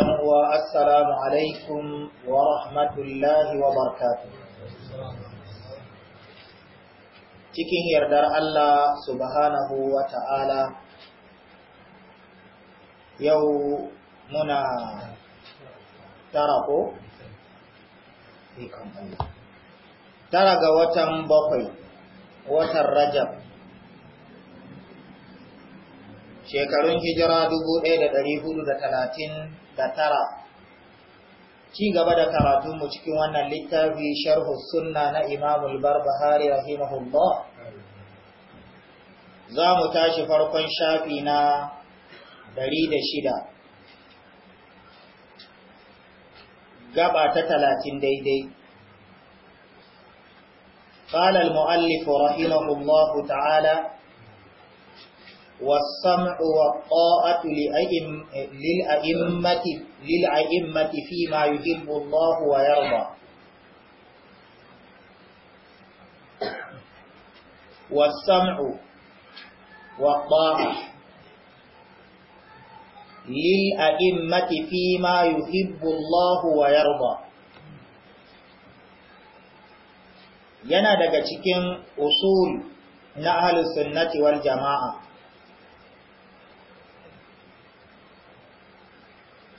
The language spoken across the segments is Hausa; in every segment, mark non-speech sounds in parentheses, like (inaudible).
uwa assalamu alaikum wa rahmatullahi wa cikin yardar Allah subhanahu wa ta'ala yau muna tara ko? tara ga watan bakwai watan rajab shekarun hijira talatin. da tara ci gaba da karatunmu cikin wannan littafi sharhu sunna na imamul barbahari rahimahullah za mu tashi farkon shafi na ɗari da shida gaba ta talatin daidai قال المؤلف رحمه الله تعالى والسمع والطاعة للأئمة, للأئمة فيما يحب الله ويرضى والسمع والطاعة للأئمة فيما يحب الله ويرضى yana daga cikin usul na ahlus sunnati wal jama'a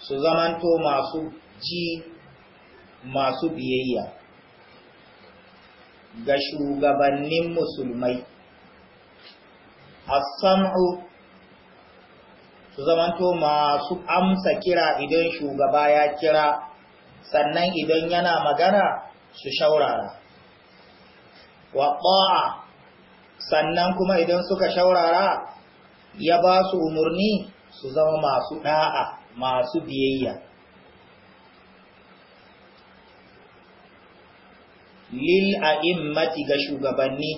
su zamanto masu ji masu biyayya ga shugabannin musulmai asamu samu su zamanto masu amsa kira idan shugaba ya kira sannan idan yana magana su shaurara wa ta'a sannan kuma idan suka shaurara ya ba su umarni su zama masu da'a masu biyayya lil a'immati ga shugabanni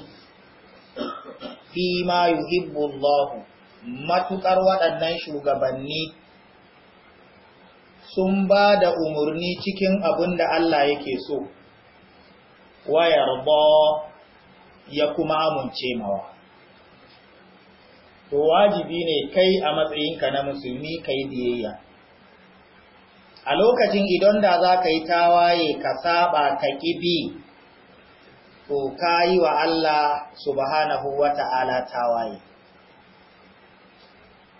fi ma yuhibbu Allah matukar waɗannan shugabanni sun ba da umarni cikin abin da Allah yake so wa yarda ya kuma amince mawa to wajibi ne kai a matsayinka na musulmi kai biyayya a lokacin idan da za ka yi tawaye ka saba ka kibi ko ka yi wa Allah subhanahu wa ta'ala tawaye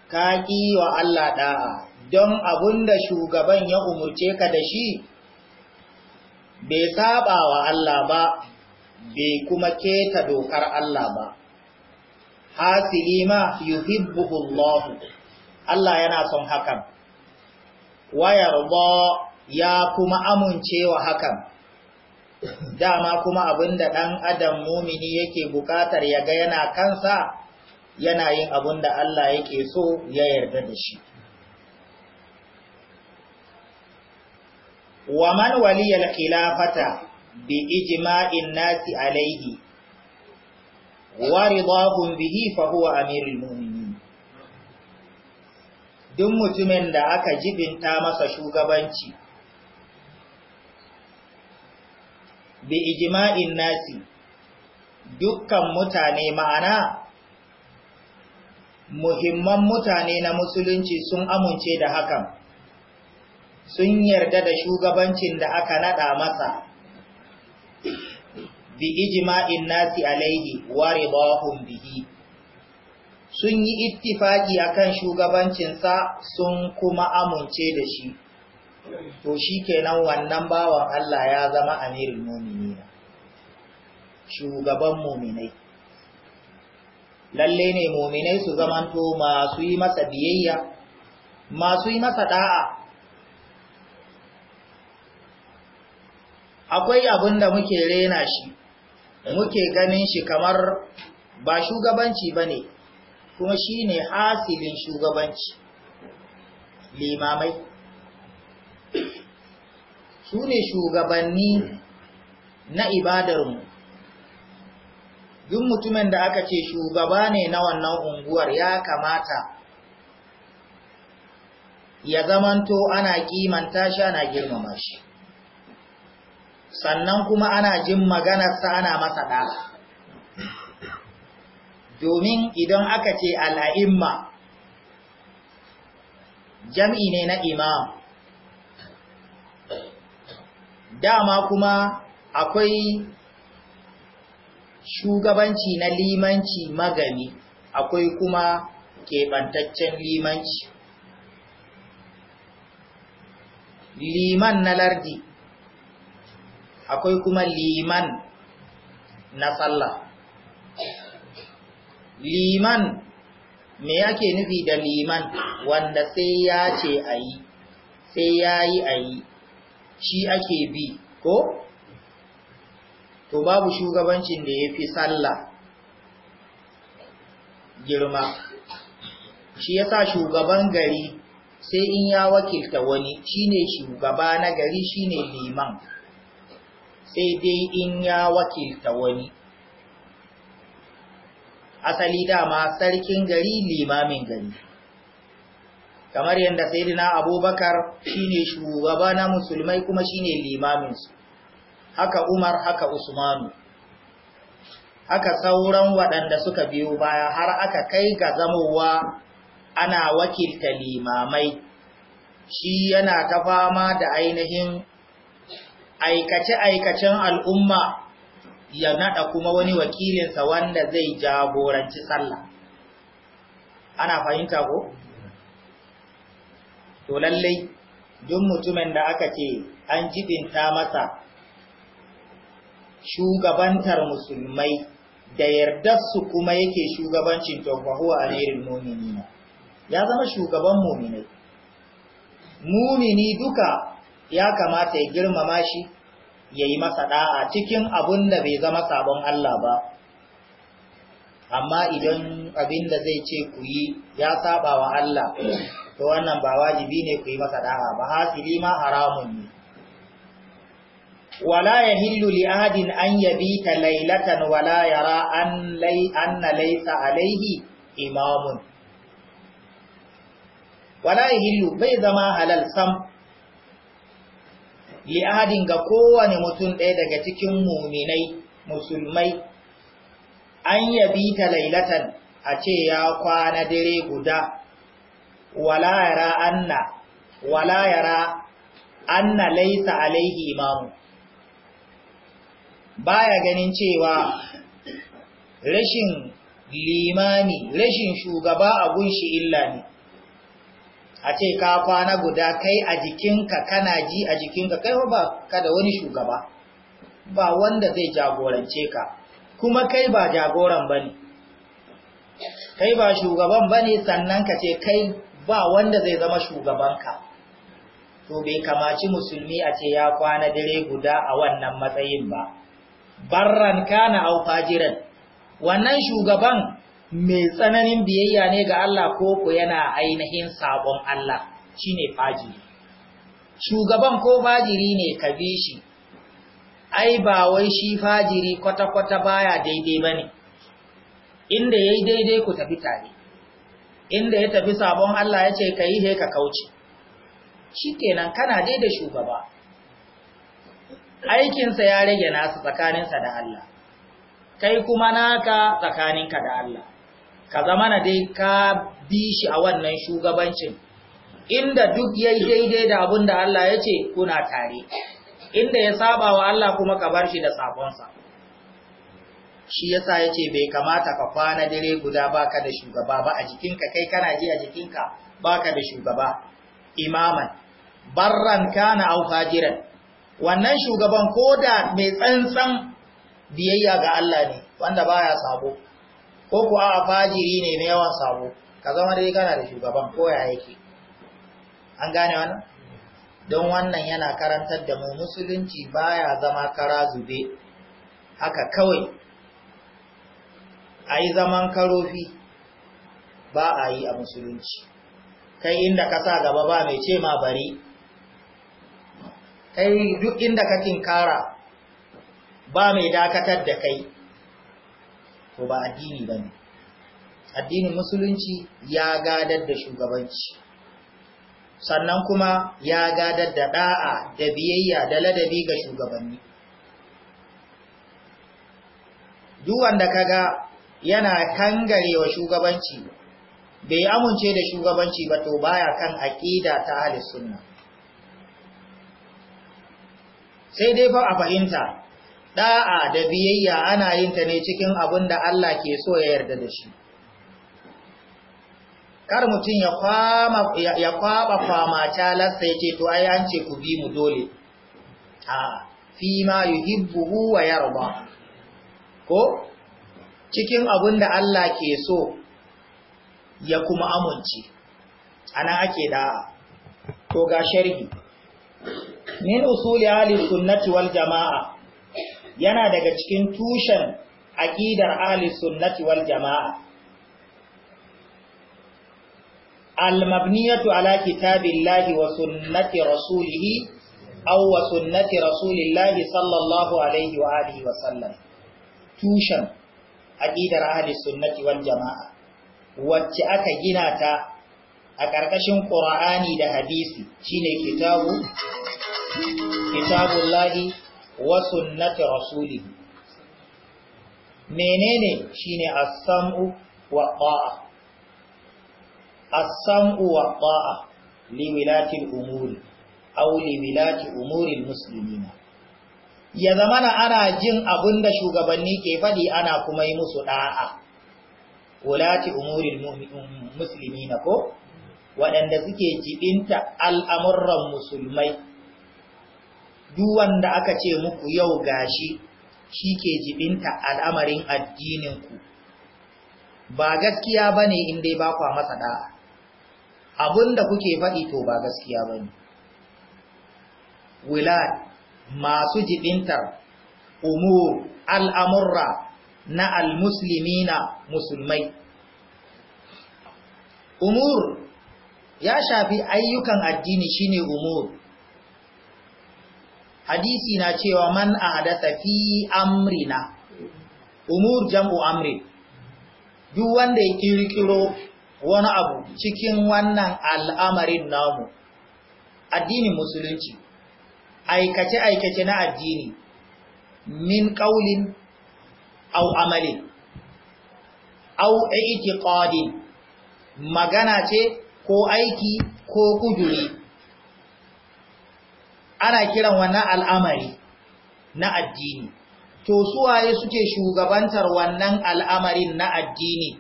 ka ƙi wa Allah ɗa'a don abun da shugaban ya umurce ka da shi bai saba wa Allah ba bai kuma keta dokar Allah ba hasili ma yuhibbuhullahu Allah yana son hakan waya rubo ya kuma amincewa hakan dama kuma abinda ɗan adam mumini yake buƙatar ya ga yana kansa yana yin da Allah yake so ya yarda da shi wa man waliyal khilafata bi ijma'in nasi alaihi wa ridahum bihi fa huwa amirul mu'minin duk mutumin da aka jibinta masa shugabanci bi ijma'in nasi dukkan mutane ma'ana muhimman mutane na musulunci sun amince da hakan sun yarda da shugabancin da aka nada masa bi ijma'in nasi alaihi wa ridahum bihi sun yi ittifaki akan shugabancinsa sun kuma amince da shi to shi kenan wannan bawan Allah ya zama amirin mumini shugaban muminai lalle ne muminai su zamanto masu yi masa biyayya masu yi masa da'a akwai abin da muke rena shi muke ganin shi kamar ba shugabanci ba ne kuma shi ne hasilin shugabanci limamai su ne shugabanni na ibadarmu duk mutumin da aka ce shugaba ne na wannan unguwar ya kamata ya zamanto ana kimanta shi ana girmama shi sannan kuma ana jin maganarsa ana masa ɗala domin idan aka ce al'a'imma jami'i ne na imam dama kuma akwai shugabanci na limanci magani, akwai kuma keɓantaccen limanci liman na lardi akwai kuma liman na sallah liman me yake nufi da liman wanda sai ya ce a yi sai ya yi a yi shi ake bi ko? to babu shugabancin da ya fi sallah girma shi yasa shugaban gari sai in ya wakilta wani shine shugaba na gari shine liman sai dai in ya wakilta wani asali dama sarkin gari limamin gari kamar yadda sayyidina abubakar shine shugaba na musulmai kuma shine limaminsu haka umar haka usmanu haka sauran waɗanda suka biyo baya har aka kai ga zamowa ana wakilta limamai shi yana ta fama da ainihin aikace-aikacen al'umma ya nada kuma wani wakilinsa wanda zai jagoranci sallah ana fahimta ko to lallai duk mutumin da aka ce an jibinta masa shugabantar musulmai da yardarsu kuma yake shugabancin tofahuwa a rerin na, ya zama shugaban mominai mumini duka ya kamata ya girmama shi ya yi masa ɗa'a cikin abun da bai zama sabon Allah ba amma idan abin da zai ce ku yi ya saba wa Allah to wannan ba wajibi ne ku yi masa ɗa'a ba hasili ma haramun ne wala ya hillu li'adin an yabi ta lailatan wala yara an na laisa alaihi imamun wala ya hillu bai zama halal sam li ahadin ga kowane mutum ɗaya daga cikin muminai musulmai an yabi ta lailatan a ce ya kwana dare guda wala yara anna wala yara anna laisa alaihi imamu baya ganin cewa rashin limami rashin shugaba a gunshi illa ne a ce ka kwana guda kai a jikinka kana ji a jikinka kai ba ka da wani shugaba ba wanda zai jagorance ka kuma kai ba jagoran ba ne kai ba shugaban ba ne sannan ka ce kai ba wanda zai zama shugabanka to bai kamaci musulmi a ce ya kwana dare guda a wannan matsayin ba barran kana au fajiran wannan shugaban mai tsananin biyayya ne ga Allah ko ko yana ainihin sabon Allah shine fajiri shugaban ko fajiri ne ka bi shi ai ba wai shi fajiri kwata-kwata baya daidai bane inda yayi daidai ku tafi tare inda ya tafi sabon Allah ya ce kai he ka kauce shikenan kana daidai shugaba aikinsa ya rage nasu tsakaninsa da Allah kai kuma naka tsakaninka da Allah ka zama na dai ka bi shi a wannan shugabancin inda duk yayi daidai da abin da Allah ya ce kuna tare inda ya saba wa Allah kuma ka bar shi da sabonsa shi yasa ce bai kamata ka kwana dare guda baka da shugaba ba a jikinka kai kana ji a jikinka baka da shugaba imaman barran kana au fajiran wannan shugaban ko da mai tsantsan biyayya ga Allah ne wanda baya sabo ko ku a fajiri ne na yawan sabo ka zama dai kana da shugaban ko ya yake an gane wannan don wannan yana karantar da mu musulunci baya zama kara zube haka kawai a yi zaman karofi ba a yi a musulunci kai inda ka sa gaba ba mai ce ma bari kai duk inda ka kinkara ba mai dakatar da kai to ba addini ba ne addinin musulunci ya gadar da shugabanci sannan kuma ya gadar da ɗa'a da biyayya da ladabi ga shugabanni duk wanda ga yana kangarewa shugabanci bai amince da shugabanci ba to baya kan aƙida ta ahli sunna sai dai fa a fahimta da'a da biyayya ana yin ta ne cikin abin da Allah ke so ya yarda da shi kar mutum ya kwama ya kwaba kwama ta lassa yace to ai an ce ku bi mu dole a fi ma yuhibbu wa yarda ko cikin abin da Allah ke so ya kuma amince ana ake da'a to ga sharhi min usuli ahli sunnati wal jama'a yana daga cikin tushen aƙidar ahli sunnati wal jama'a al-mabniyatu ala kitabillahi wa sunnati rasulih aw wa sunnati rasulillahi sallallahu alaihi wa alihi wa sallam tushen aƙidar ahli sunnati wal jama'a wacce aka gina ta a ƙarƙashin Qur'ani da hadisi shine kitabu kitabullahi wa sunnati rasuli menene shine as-sam'u wa ta'a as-sam'u wa ta'a li wilati al umur aw li wilati umuri al muslimin ya zamana ana jin abinda shugabanni ke fadi ana kuma yi musu da'a wulati umuri al muslimin ko waɗanda suke jibinta al'amuran musulmai duk wanda aka ce muku yau gashi shi ke jibinta al'amarin addininku ba gaskiya ba ne inda ba a masa ɗa'a, abinda kuke faɗi to ba gaskiya ba ne wilad masu jibintar umur al'amurra na almuslimina musulmai umur ya shafi ayyukan addini shine umur hadisi na cewa man hadata fi amrina umur jam'u amri duk wanda ya kirkiro wani abu cikin wannan al'amarin namu addinin musulunci aikace aikace na addini min qaulin au amali aiki i'tiqadin magana ce ko aiki ko kuduri ana kiran wannan al'amari na addini to suwaye suke shugabantar wannan al'amarin na addini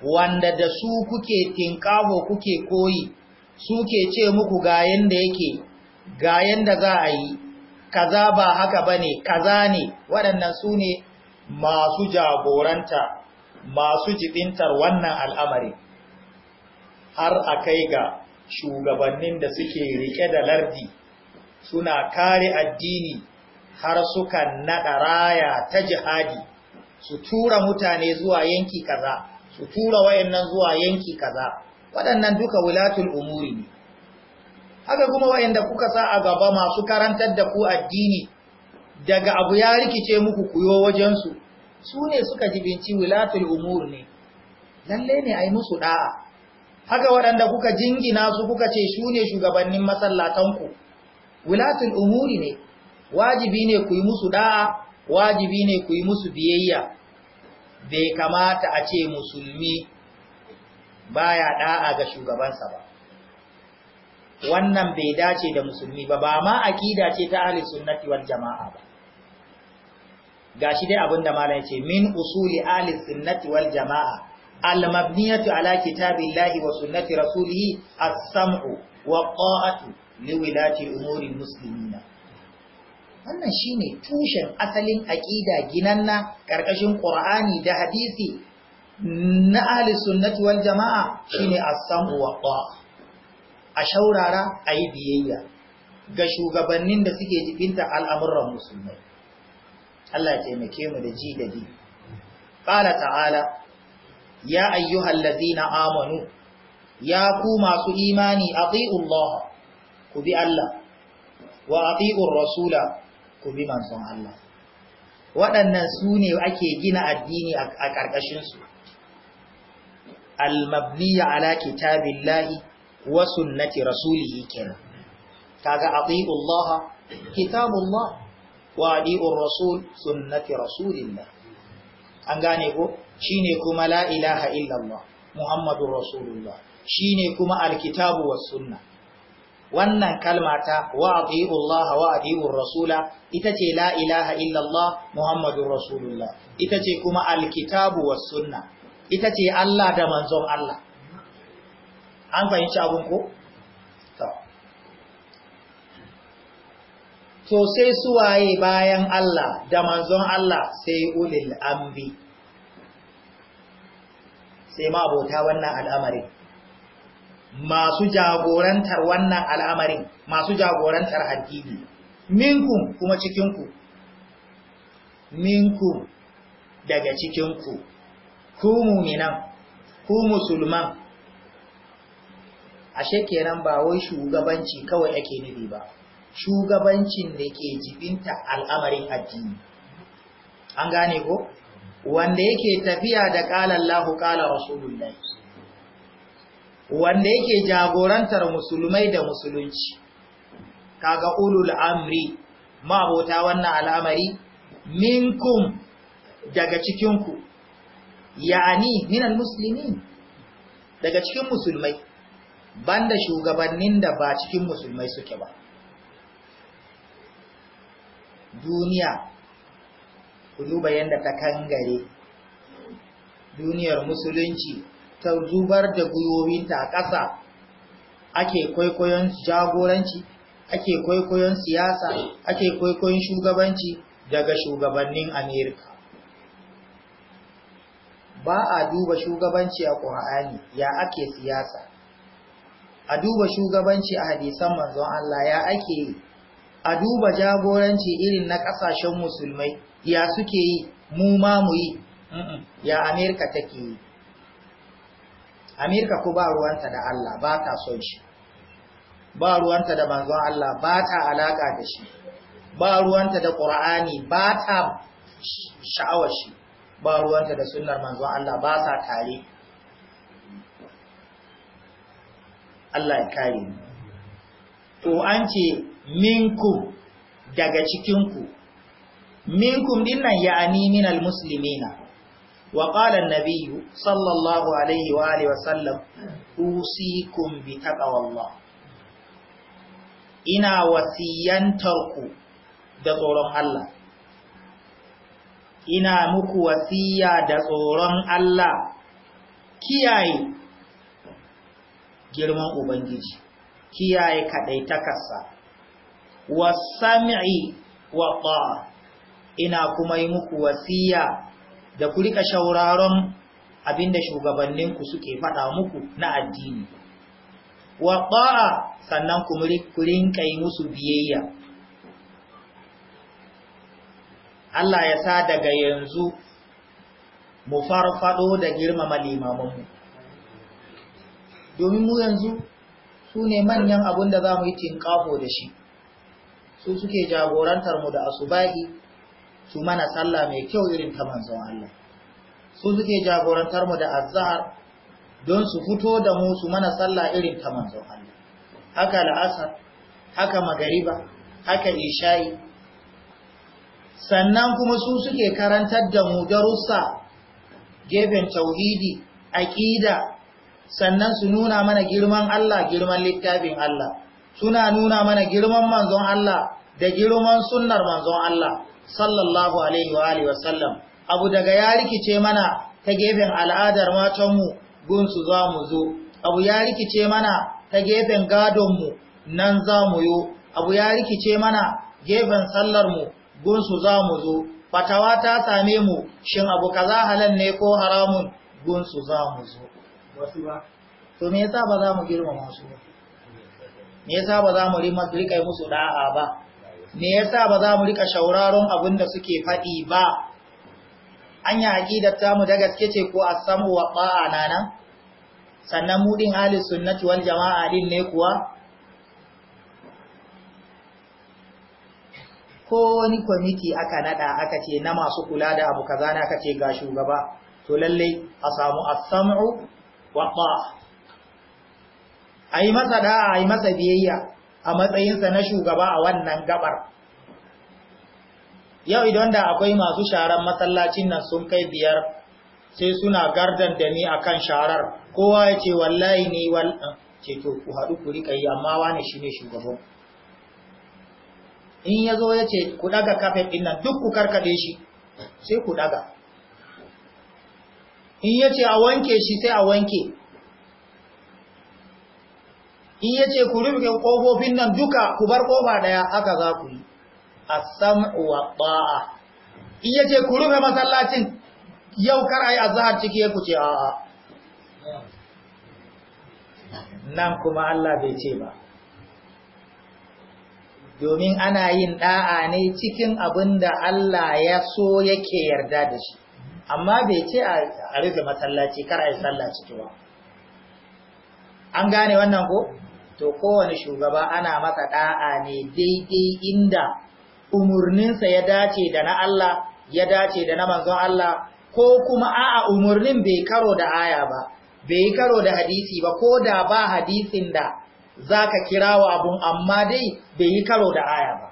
wanda da su kuke tinkaho kuke koyi suke ce muku ga yanda yake ga yanda za a yi kaza ba haka bane kaza ne waɗannan su ne masu jagoranta masu jibintar wannan al'amari har a kai ga shugabannin da suke rike da lardi suna kare addini har suka naɗa raya ta jihadi su tura mutane zuwa yanki kaza su tura wayannan zuwa yanki kaza waɗannan duka wulatul umuri ne haka kuma wayanda kuka sa a gaba masu karantar da ku addini daga abu ya rikice muku kuyo wajensu su ne suka jibinci wulatul umuri ne lalle ne a musu ɗa'a. haka waɗanda kuka jingina su kuka ce su ne shugabannin masallatanku wulatul umuri ne wajibi ne ku yi musu da'a wajibi ne ku yi musu biyayya bai kamata a ce musulmi baya da'a ga shugabansa ba wannan bai dace da musulmi ba ba ma akida ce ta ahli sunnati wal jama'a ba gashi dai abinda malam yace min usuli ahli sunnati wal jama'a al mabniyatu ala kitabillahi wa sunnati rasulihi as-sam'u wa qa'atu liwilati umurin musulmina wannan shine tushen asalin aƙida ginanna ƙarƙashin ƙur'ani da hadisi na ahli sunnati wal jama'a shine as-sam'u wa a shaurara ayi biyayya ga shugabannin da suke jibinta al'amuran musulmai Allah taimake mu da ji da bi qala ta'ala ya na amanu ya ku masu imani atiiullaha ku bi Allah wa atiqur rasula ku bi manzon Allah waɗannan su ne ake gina addini a ƙarƙashinsu. Al al-mabniya ala kitabillahi wa sunnati rasulihi kenan kaga Laha, Allah kitabullah wa atiqu rasul sunnati rasulillah an gane ko ne kuma la ilaha illallah muhammadur rasulullah ne kuma alkitabu wa sunnah wannan kalma ta wa Allah wa adiur rasula ita ce la ilaha illallah muhammadur rasulullah ita ce kuma alkitabu was sunna ita ce Allah da manzon Allah an fahimci abun ko to sai suwaye bayan Allah da manzon Allah sai ulil ambi sai ma abota wannan al'amarin masu jagorantar wannan al'amarin masu jagorantar addini minkum kuma cikinku minkum daga cikinku ku muminan ku musulman ashe kenan ba wai shugabanci kawai ake nufi ba shugabancin da ke jibinta al'amarin addini an gane ko wanda yake tafiya da qala Allahu qala Rasulullahi wanda yake jagorantar musulmai da musulunci kaga ulul amri mabota wannan al'amari minkum daga cikinku ya'ani minal muslimin daga cikin musulmai banda shugabannin da ba cikin musulmai suke ba duniya ku duba yadda ta kangare duniyar musulunci ta zubar da gwiwowinta a ƙasa ake kwaikwayon jagoranci ake kwaikwayon siyasa ake kwaikwayon shugabanci daga shugabannin amerika ba a duba shugabanci a ƙur'ani ya ake siyasa a duba shugabanci a hadisan manzon Allah ya ake yi a duba jagoranci irin na ƙasashen musulmai ya suke yi mu ma mu yi ya amerika take yi Amerika ko ba ruwanta da Allah ba ta son shi, ba ruwanta da manzon Allah ba ta alaƙa da shi, ba ruwanta da ƙura'ani ba ta sha'awar shi, ba ruwanta da sunnar manzon Allah ba sa tare. Allah ya kare mu. To an ce minku daga cikinku, minkum dinnan ya'ani minal muslimina. وقال النبي صلى الله عليه وآله وسلم أوصيكم بتقوى الله إنا وسينتركوا da tsoron Allah ina muku wasiya da tsoron Allah kiyaye girman ubangiji kiyaye kadaitakarsa wasami'i wa ta'a ina kuma yi muku wasiya da ku rika shauraron abinda ku suke faɗa muku na addini wa ta'a sannan ku rinka yi musu biyayya Allah ya sa daga yanzu mu farfado da girmama mu. domin mu yanzu su ne manyan abun da za mu yi tinkafo da shi su suke jagorantar mu da asubahi su mana sallah mai kyau irin ta manzon Allah su suke jagorantar mu da azhar don su fito da mu su mana sallah irin ta manzon Allah haka la'asar haka magariba haka isha'i sannan kuma su suke karantar da mu darussa gefen tauhidi aqida sannan su nuna mana girman Allah girman littafin Allah suna nuna mana girman manzon Allah da girman sunnar manzon Allah sallallahu alaihi wa alihi wasallam abu daga ya rikice mana ta gefen al'adar matanmu gun su za mu zo abu ya rikice mana ta gefen gadonmu nan za mu yo abu ya rikice mana gefen sallarmu gun su za mu zo fatawa ta same mu shin abu kaza halan ne ko haramun gun su za mu zo to me yasa ba za mu girma masu ba me yasa ba za mu rikai musu da'a ba me yasa ba za mu rika shauraron abin da suke faɗi ba anya aqidar tamu da gaske ce ko as wa ba'a nana sannan mu din ahli sunnati wal jama'a din ne kuwa ko ni kwamiti aka nada aka ce na masu kula da abu kaza ne aka ce ga shugaba to lalle a samu as wa ai masa da ai masa biyayya a matsayinsa na shugaba a wannan gabar yau idan da akwai masu sharar masallacin nan sun kai biyar sai suna gardan da ni akan sharar kowa ya ce wallahi ne, wal'an ce to ku haɗu ku riƙa yi amma wani shi ne shugaban in ya zo ya ce ku ɗaga kafet ɗin nan duk ku karkaɗe shi sai ku ɗaga in ya ce a wanke shi sai a wanke in yace ku rufe kofofin nan duka ku bar kofa ɗaya aka za ku yi A wa ta'a in yace ku rufe masallacin yau kar yi azhar ciki ku ce a'a nan kuma Allah bai ce ba domin ana yin ɗa'a ne cikin da Allah ya so yake yarda da shi amma bai ce a rufe masallaci kar ai sallah ciki ba an gane wannan ko to kowane shugaba ana masa da'a ne daidai inda umurninsa ya dace da na Allah ya dace da na manzon Allah ko kuma a'a umurnin bai karo da aya ba bai karo da hadisi ba ko da ba hadisin da zaka kirawo abun amma dai bai yi karo da aya ba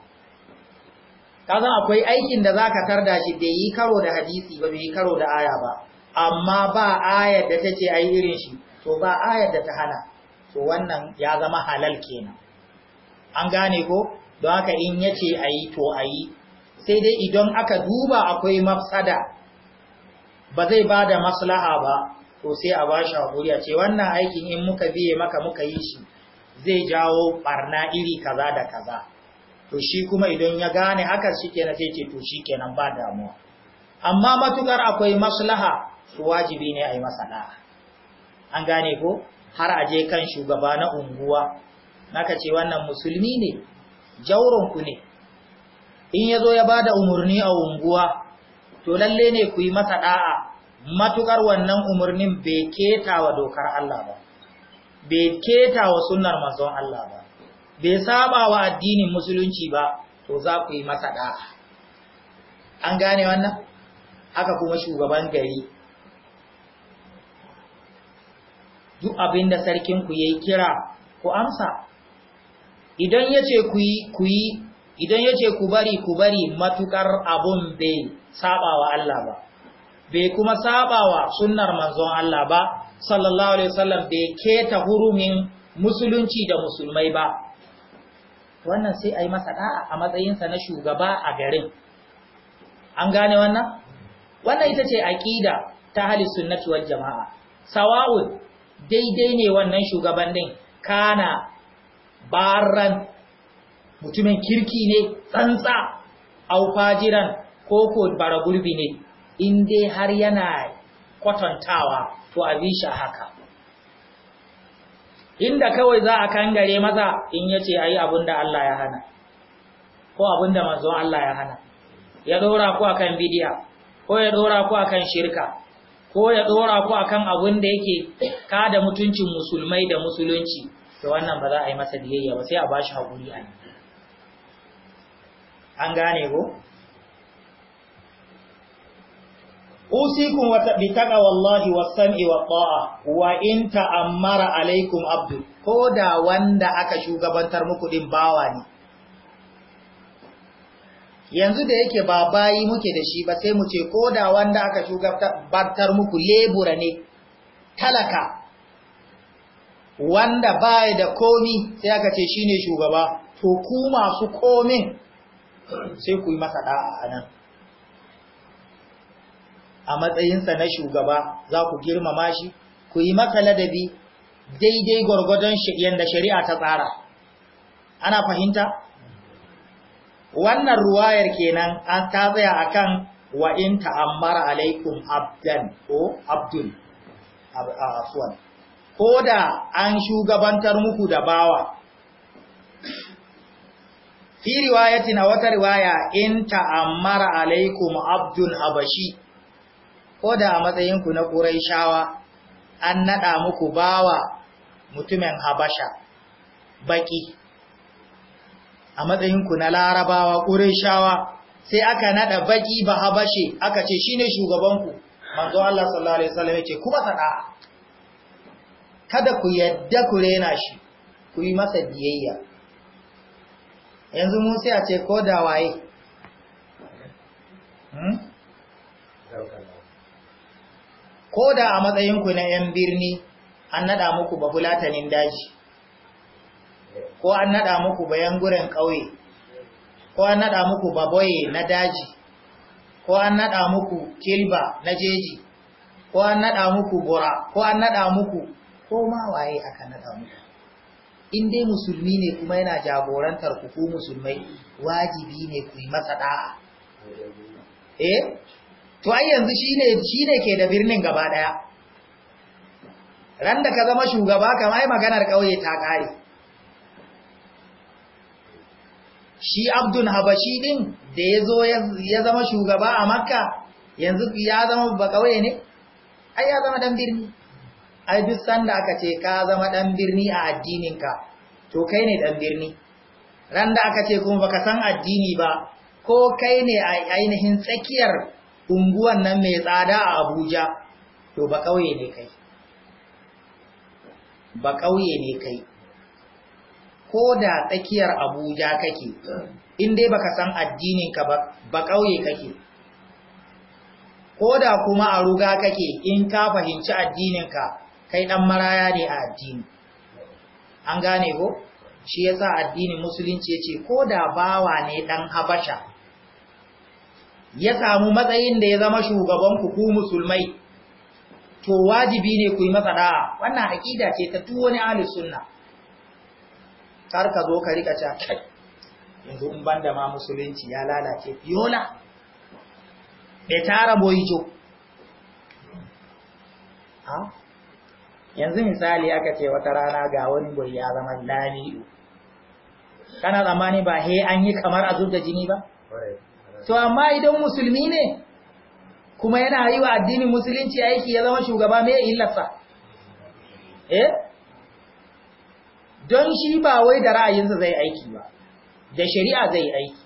kaza akwai aikin da zaka tarda shi bai yi karo da hadisi ba bai yi karo da aya ba amma ba ayar da tace ai irin shi to ba ayar da ta hana to wannan ya zama halal kenan an gane ko don haka in yace ayi to ayi sai dai idan aka duba akwai mafsada ba zai bada maslaha ba to sai a bashi hakuri a ce wannan aikin in muka biye maka muka yi shi zai jawo barna iri kaza da kaza to shi kuma idan ya gane haka shikenan sai ce to shikenan ba damuwa amma matukar akwai maslaha wajibi ne a yi an gane ko har a je kan shugaba na unguwa naka ce wannan musulmi ne jauronku ne in ya zo ya ba da umarni a unguwa to lalle ne ku yi masa da'a matukar wannan umarnin bai keta wa dokar Allah ba bai keta wa sunnar manzon Allah ba bai saba wa addinin musulunci ba to za ku yi masa da'a an gane wannan haka kuma shugaban gari duk abin da sarkinku ya yi kira ku amsa idan ya ku yi ku yi idan yace ku bari ku bari matukar abun bai saba wa Allah ba bai kuma saba wa sunnar manzon Allah ba sallallahu alaihi wasallam bai keta hurumin musulunci da musulmai ba wannan sai a masa da'a a matsayinsa na shugaba a garin an gane wannan wannan ita ce aqida ta halis sunnati wal jama'a sawa'un daidai ne wannan shugaban din kana baran mutumin kirki ne tsantsa au fajiran ko ko baragurbi ne in har yana kwatantawa to a bi haka inda kawai za a kangare maza in yace ayi abinda Allah ya hana ko abinda manzon Allah ya hana ya dora ku akan bidiya ko ya dora ku akan shirka ko ya dora ku akan abin da yake kada mutuncin musulmai da musulunci to wannan ba za a yi masa biyayya ba sai a bashi hakuri a an gane ko usikum wa tabitaka wallahi wasami wa taa wa in ta'ammara alaikum abdu ko da wanda aka shugabantar muku din bawa ne yanzu da yake ba bayi muke da shi ba sai mu ce ko da wanda aka shugabantar muku lebura ne talaka wanda baya da komi sai aka ce shine shugaba to ku masu komin sai ku yi masa da'a a nan a matsayinsa na shugaba za ku girmama shi ku yi masa ladabi daidai gwargwadon yadda shari'a ta tsara ana fahimta wannan ruwayar kenan an ta tsaya akan wa in ta'ammara alaikum abdan ko abdul afwan ko da an shugabantar muku da bawa fi na wata riwaya in ta'ammara alaikum abdul abashi ko da a ku na quraishawa an nada muku bawa mutumin habasha baki a matsayinku na larabawa ƙureshawa sai aka naɗa baki ba habashe aka ce shine shugabanku manzo Allah sallallahu alaihi wasallam yace ku ba sada kada ku yadda ku rena shi ku yi masa biyayya yanzu mun sai a ce ko da waye hmm? ko da a matsayinku na yan birni an naɗa muku babulatanin daji ko an naɗa muku bayan guren ƙauye ko an naɗa muku baboye na daji ko an naɗa muku kilba na jeji ko an naɗa muku bora ko an naɗa muku ko ma waye aka naɗa muku in dai musulmi ne kuma yana jagorantar ku ku musulmai wajibi ne ku yi masa ɗa'a. eh to ai yanzu shine shine ke da birnin gaba daya ran da ka zama shugaba kamar maganar kauye ta kare shi abdun habashi din da ya zo ya zama shugaba a makka yanzu ya zama bakawai ne ai ya zama dan birni ai duk sanda aka ce ka zama dan birni a addininka to kai ne dan birni ran da aka ce kuma baka san addini ba ko kai ne a ainihin tsakiyar unguwan nan mai tsada a abuja to bakawai ne kai bakawai ne kai ko da tsakiyar abuja kake in dai baka san addininka ba ba ƙauye kake ko da kuma a ruga kake in ka fahimci addininka kai ɗan maraya ne a addini an gane ko shi yasa addini musulunci yace ko da bawa ne ɗan habasha ya samu matsayin da ya zama shugaban ku ku musulmai to wajibi ne ku yi masa wannan aƙida ce ta tuwo ne ahlus sunna Karka ka zo ka rika cewa kai yanzu in banda ma musulunci ya lalace yola bai tara boyijo yanzu misali aka ce wata rana ga wani boyi ya zama lamido kana zamani ba he an yi kamar a da jini ba to amma idan musulmi ne kuma yana yi wa addinin musulunci aiki ya zama shugaba mai illarsa eh don shi ba wai da ra'ayinsa zai aiki ba da shari'a zai aiki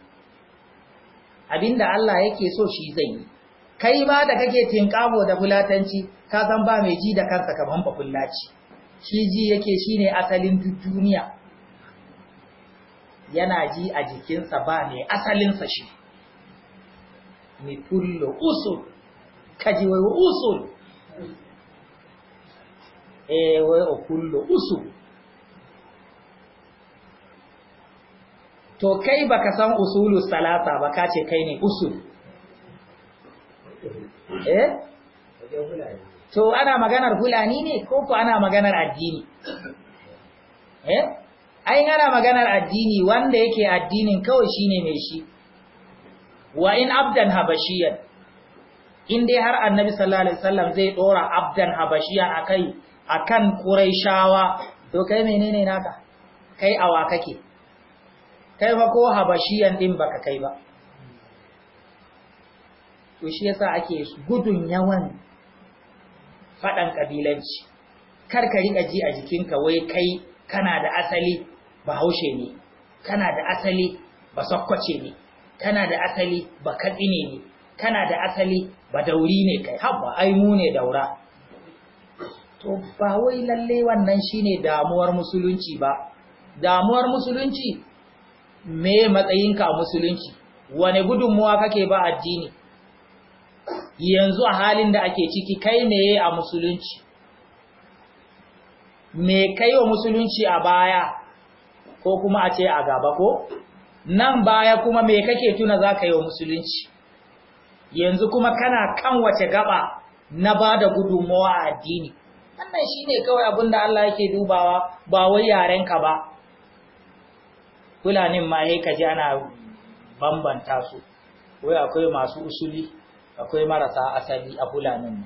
abinda Allah yake so shi zai yi kai ba da kake tinƙabo da fulatanci ka san ba mai ji da kansa kaman ba fulaci shi ji yake shine asalin duniya yana ji a jikinsa ba mai asalinsa shi ni kullu usul kaji wai usul eh wai kullu usul to kai baka san usulu salasa ba ka ce kai ne usul eh to ana maganar fulani ne ko ko ana maganar addini eh ai ana maganar addini wanda yake addinin kawai shine mai shi wa in abdan habashiyan in dai har annabi sallallahu alaihi wasallam zai dora abdan habashiya akai akan quraishawa to kai menene naka kai awa kake kai ba ko habashiyan din baka kai ba to shi yasa ake gudun yawan faɗan kabilanci kar ka riƙa ji a jikinka wai kai kana da asali bahaushe ne kana da asali ba sakkwace ne kana da asali ba katsine ne kana da asali ba dauri ne kai habba ai mu ne daura to ba wai lalle wannan shine damuwar musulunci ba damuwar musulunci me matsayinka a musulunci wane gudunmuwa kake ba addini yanzu a halin da ake ciki kai ne a musulunci me kai wa musulunci a baya ko kuma a ce a gaba ko nan baya kuma me kake tuna za ka yi wa musulunci yanzu kuma kana kan wace gaba na ba da gudunmawa a addini wannan shi ne kawai abin da Allah yake dubawa ba wai yarenka ba fulanin ma ya kaji ana bambanta su wai akwai masu usuli akwai marasa asali a fulanin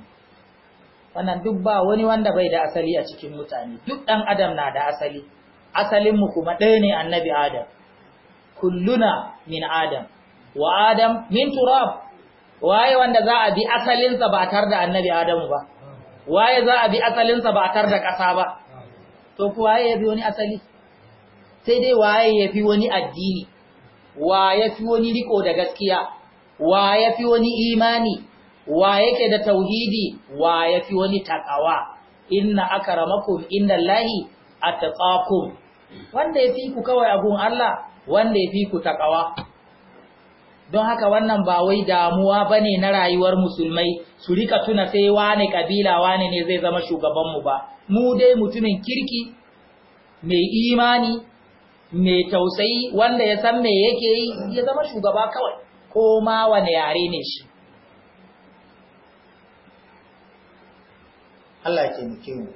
wannan duk ba wani wanda bai da asali a cikin mutane duk ɗan adam na da asali asalinmu kuma ɗaya ne annabi adam kulluna min adam wa adam min turab waye wanda za a bi asalinsa ba tar da annabi adamu ba waye za a bi asalinsa ba tar da ƙasa ba to kuwa ya bi wani asali sai dai waye ya fi wani addini wa ya fi wani riko da gaskiya wa ya fi wani imani wa yake da tauhidi wa ya fi wani takawa inna akramakum indallahi attaqakum wanda ya fi ku kawai abun Allah wanda ya fi ku takawa don haka wannan ba wai damuwa bane na rayuwar musulmai su rika tuna sai wane kabila wane ne zai zama shugaban mu ba mu dai mutumin kirki mai imani mai tausayi wanda ya san me yake yi ya zama shugaba kawai ko ma wane yare ne shi Allah ya taimake mu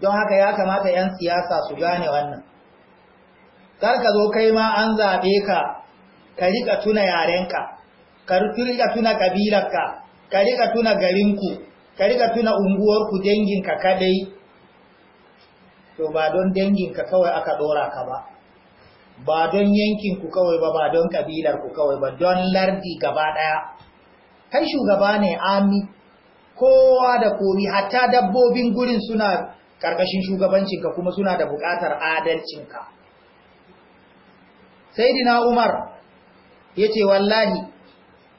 don haka ya kamata 'yan siyasa su gane wannan kar ka zo kai ma an zaɓe ka ka riƙa tuna yarenka ka riƙa tuna ƙabilarka ka riƙa tuna garinku ka riƙa tuna unguwarku danginka kaɗai to ba don danginka kawai aka ɗora ka ba ba don yankin ku kawai ba ba don kabilar ku kawai ba don lardi gaba daya kai shugaba ne ami kowa da komi hatta dabbobin gurin suna karkashin shugabancinka kuma suna da bukatar adalcinka sayyidina umar yace wallahi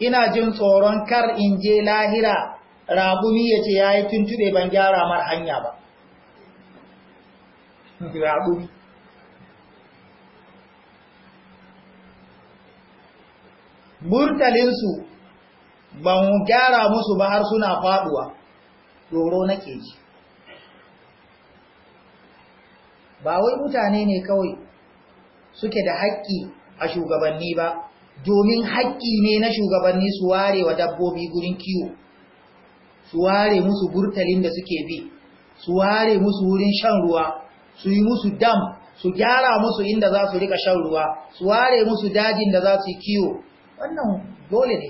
ina jin tsoron kar in je lahira rabumi yace yayi tuntube ban gyara mar hanya ba (laughs) rabumi burtalinsu ban gyara musu ba har suna faduwa doro nake ji ba wai mutane ne kawai suke da haƙƙi a shugabanni ba domin haƙƙi ne na shugabanni su ware wa dabbobi gurin kiwo su ware musu burtalin da suke bi su ware musu wurin shan ruwa su yi musu dam su gyara musu inda za su rika shan ruwa su ware musu dajin da za su yi kiwo wannan dole ne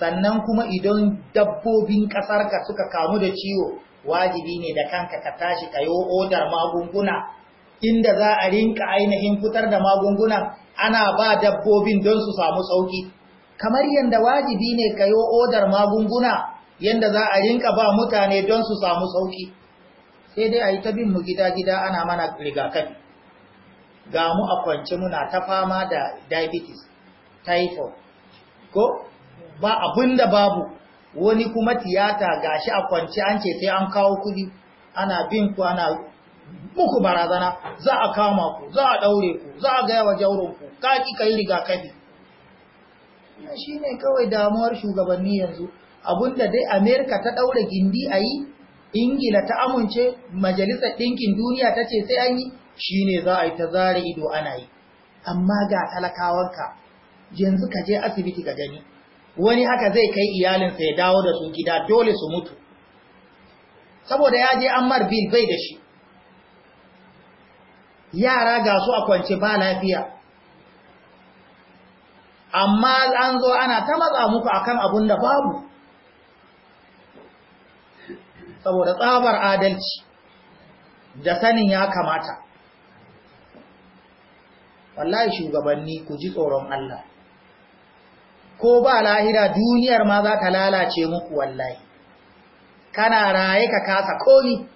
sannan kuma idan dabbobin ƙasarka suka kamu da ciwo wajibi ne da kanka ka tashi ka yi odar magunguna inda za a rinka ainihin fitar da magunguna ana ba dabbobin don su samu sauki kamar yadda wajibi ne ka yi odar magunguna yadda za a rinka ba mutane don su samu sauki sai dai a yi ta bin mu gida-gida ana mana rigakafi ga mu a kwance muna ta fama da diabetes typhoid ko ba abinda babu wani kuma tiyata gashi a kwance an ce sai an kawo kudi ana bin ku ana muku barazana za a kama ku za a daure ku za a gaya wa jaurin ku kaki kai rigakafi shine kawai damuwar shugabanni yanzu abinda dai America ta ɗaure gindi a yi Ingila ta amince majalisar ɗinkin duniya ta ce sai an yi shine za a yi ta zare ido ana yi amma ga talakawanka yanzu ka je asibiti ka gani wani haka zai kai iyalinsa ya dawo da su gida dole su mutu saboda ya je ammar bil bai da shi yara ga su a kwance ba lafiya amma an zo ana ta matsa muku akan abun da babu saboda tsabar adalci da sanin ya kamata wallahi shugabanni ku ji tsoron Allah ko ba lahira duniyar ma za ta lalace muku wallahi kana raye ka kasa komi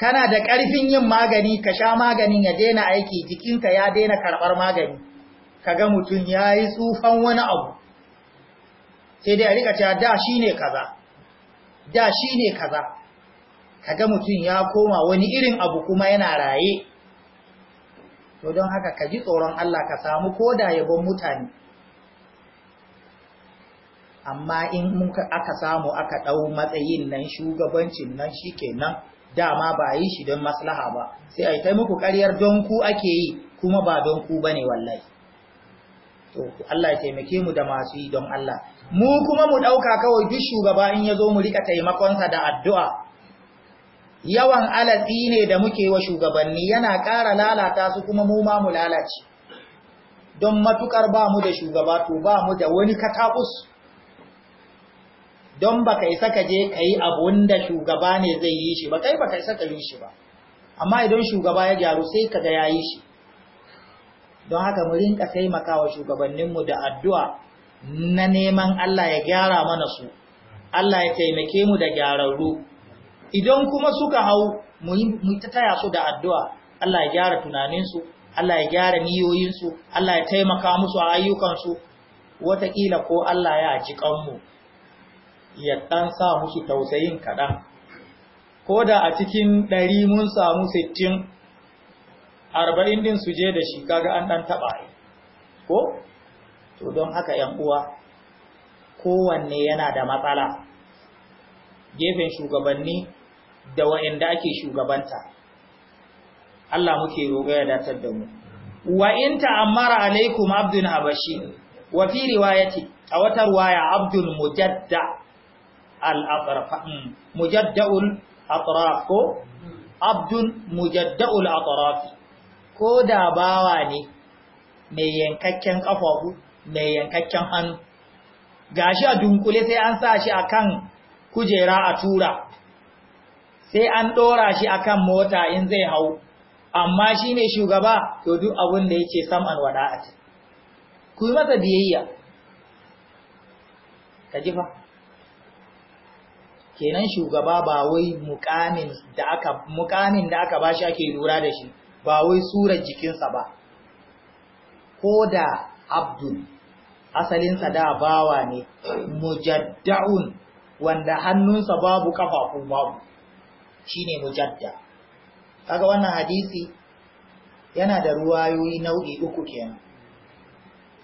kana da ƙarfin yin magani ka sha maganin ya daina aiki jikinka ya daina karɓar magani ka ga mutum ya yi tsufan wani abu sai dai a rika cewa da shi ne kaza da shi ne kaza ka ga mutum ya koma wani irin abu kuma yana raye to don haka ka ji tsoron Allah ka samu koda yabon mutane amma in aka samu aka ɗau matsayin nan shugabancin nan shi kenan dama ba yi shi don maslaha ba sai a yi ta muku ƙaryar don ku ake yi kuma ba don ku ba wallahi to Allah ya taimake mu da masu yi don Allah mu kuma mu ɗauka kawai duk shugaba in ya zo mu taimakon taimakonsa da addu'a yawan alatsi ne da muke wa shugabanni yana ƙara lalata su kuma mu ma mu lalace don matukar ba mu da shugaba to ba mu da wani katakus don ba ka isa ka je ka yi abun da shugaba ne zai yi shi ba kai ba ka isa ka yi shi ba amma idan shugaba ya gyaru sai ka ga ya yi shi don haka mu rinka taimakawa shugabanninmu da addu'a na neman Allah ya gyara mana su Allah ya taimake mu da gyararru idan kuma suka hau mu ta taya su da addu'a Allah ya gyara tunaninsu Allah ya gyara niyoyinsu Allah ya taimaka musu a ayyukansu wataƙila ko Allah ya ji kanmu ya ɗan sa musu tausayin kaɗan ko da a cikin ɗari mun samu sittin arba'in din su je da shi kaga an ɗan taɓa ko to don haka ‘yan uwa kowanne yana da matsala gefen shugabanni da wa'inda ake shugabanta Allah muke roƙo ya datar da mu wa in ta'ammara alaikum abdun habashi wa fi riwayati a wata ruwaya abdul mujadda al-atraf mujadda'ul atraf ko abdun mujadda'ul atraf ko da bawa ne mai fu kafafu mai yankakken hannu gashi a dunkule sai an sa shi akan kujera a tura sai an dora shi akan mota in zai hau amma shi shugaba to duk abin da yake sam'an wada'at ku yi masa biyayya ka kenan shugaba ba wai mukamin da aka mukamin da aka bashi ake lura da shi ba wai surar jikinsa ba ko da abdul asalinsa da bawa ne mujadda'un wanda hannunsa babu kafafun babu shine mujadda kaga wannan hadisi yana da ruwayoyi nau'i uku kenan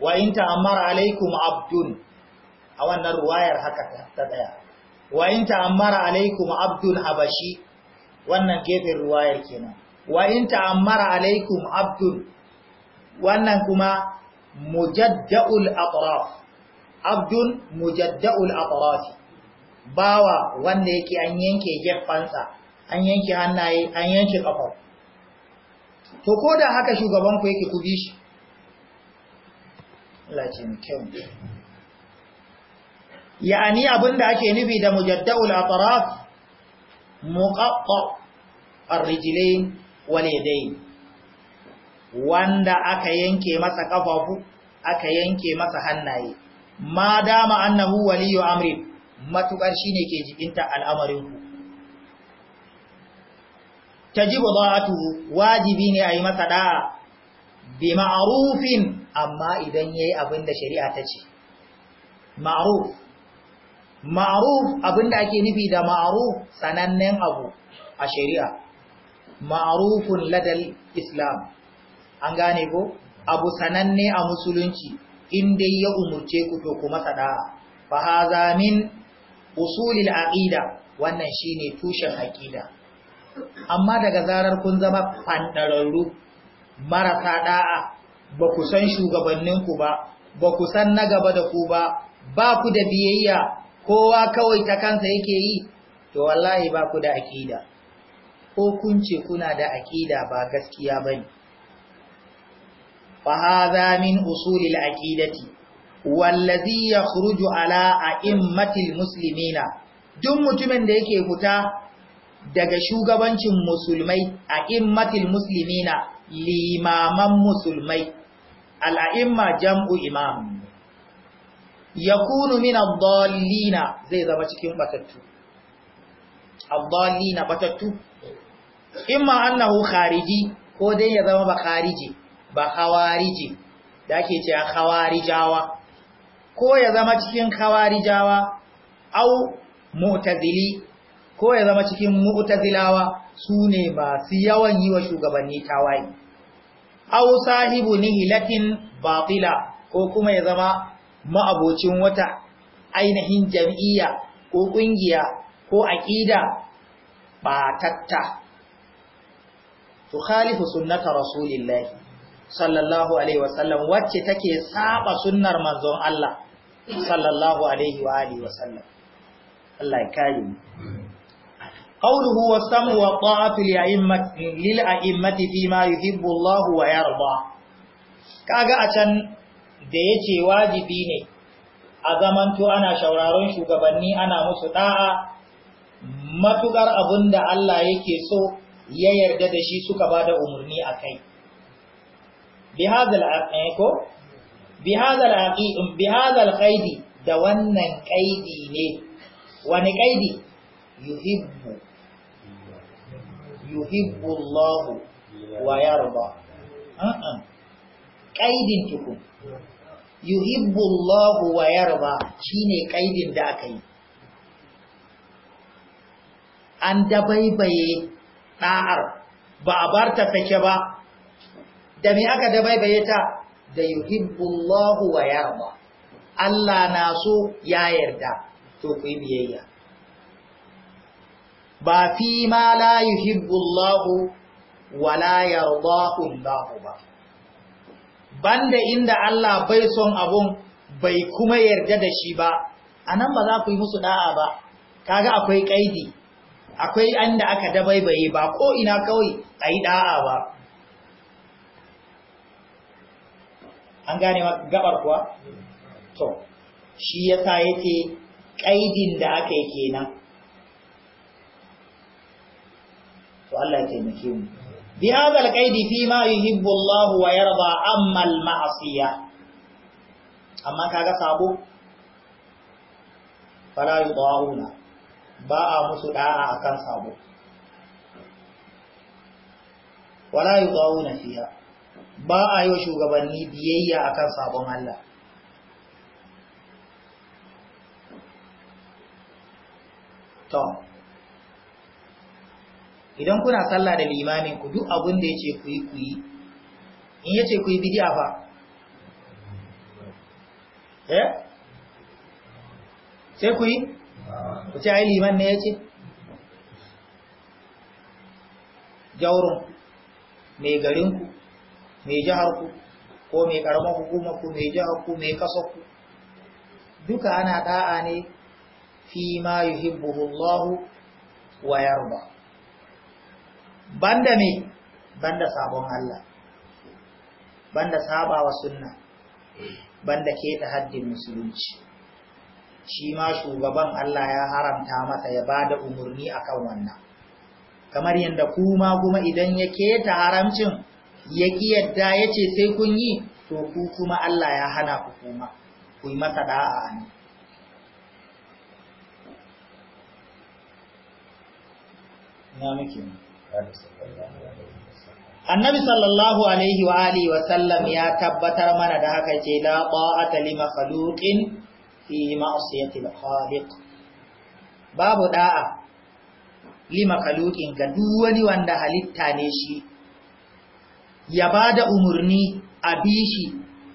wa in ta'ammar, alaikum Abdul. a wannan ruwayar haka ta tsaya wa in ta'ammara alaikum abdul habashi wannan gefen ruwayar kenan wa in ta'ammara alaikum abdul wannan kuma mujadda'ul aqraf abdul mujadda'ul aqraf bawa wanda yake an yanke geffansa an yanke hannaye an yanke kafa to ko da haka shugaban ku yake ku bi shi Allah ya kyau ya'ani da ake nubi da mujadda'ul atraf muqatta ar-rijlain wal yadayn wanda aka yanke masa kafafu aka yanke masa hannaye ma dama waliyu amri matukar shine ke jibinta al'amarin ku tajibu da'atuhu wajibi ne ayi masa da'a bi ma'rufin amma idan yayi abin da shari'a ta ce ma'ruf ma'ruf abinda ake nufi da ma'aruf sanannen abu a shari'a ma'rufun ladal islam an gane ko abu sananne a musulunci indai ya umurce ku to kuma sada fa haza min usulil aqida wannan shine tushen aqida amma daga zarar kun zama fandararru marasa da'a ba ku san shugabanninku ba ba ku san na gaba da ku ba ba ku da biyayya kowa kawai ta kansa yake yi to wallahi ba ku da aƙida ko kun ce kuna da akida ba gaskiya ba ne fahaza min usulil aƙidati wallazi ya khuruju ala a'immatil muslimina duk mutumin da yake fita daga shugabancin musulmai a immatil musulmina limaman musulmai al'a'imma jam'u imam yakunu min ad-dallina zai zama cikin batattu ad-dallina batattu imma annahu khariji ko dai ya zama ba khariji ba khawariji da ake cewa khawarijawa ko ya zama cikin khawarijawa au mu'tazili ko ya zama cikin mu'tazilawa sune su yawan yi wa shugabanni tawayi au sahibu nihilatin batila ko kuma ya zama ma'abocin wata ainihin jam'iyya ko ƙungiya ko aƙida ba tatta. to khalifu sunnata rasulillahi sallallahu alaihi wasallam wacce take saba sunnar manzon Allah sallallahu alaihi wa alihi wasallam Allah ya kare mu qawluhu wasamu wa ta'atu lil a'immati lil a'immati fi ma yuhibbu Allah wa yarda kaga a can da ya ce wajibi ne a zamanto ana shauraron shugabanni ana musu ɗa'a. Matuƙar abin da Allah yake so ya yarda da shi suka ba da umarni a kai. Bi hazal ƙaidi eh, da wannan ƙaidi ne, wani ƙaidi? Yuhibbu, yuhibbu Allah wa yarba. Ƙaidin tukun. yuhibbullahu wa yarba shine kaidin da aka yi an dabaibaye da'ar ba a bar ta sake ba da me aka dabaibaye ta da yuhibbullahu wa yarba Allah na so ya yarda to ku yi biyayya ba fi ma la yuhibbullahu wa la yardahu Allah ba banda inda Allah bai son abun bai kuma yarda da shi ba a nan ba za ku yi musu da'a ba kaga akwai kaidi akwai inda aka dabaibaye ba ko ina kawai a yi da'a ba an gane gabar kuwa to shi ya sa yake kaidin da aka yi kenan to Allah ya taimake mu بهذا القيد فيما يحب الله ويرضى أما المعصية أما كذا سابو فلا يضاعون باء مسدعاء أكن سابو ولا يضاعون فيها باء يشوغبني بيئة أكن سابو مالا تو idan kuna sallah da limamin ku duk abin da yace ku yi ku yi in yace ku yi bid'a fa eh sai ku yi ku ce ai liman ne yace jaurun mai garin ku mai jahar ku ko mai karamar hukuma ku mai jahar ku mai kaso ku duka ana da'a ne fi ma yuhibbuhu Allah wa yarda banda me banda sabon Allah banda sabawa sunna banda keta haddin musulunci shi ma shugaban Allah ya haramta masa ya bada umarni akan wannan kamar yadda kuma kuma idan ya keta haramcin ya yadda yace sai kun yi to ku kuma Allah ya hana ku kuma ku yi masa da'a ne na muke Annabi sallallahu alaihi wa alihi wa sallam ya tabbatar mana da haka ce la ta'ata li makhluqin fi ma'siyati al-khaliq. Babu da'a li makhluqin ga duk wani wanda halitta ne shi ya bada umurni a bishi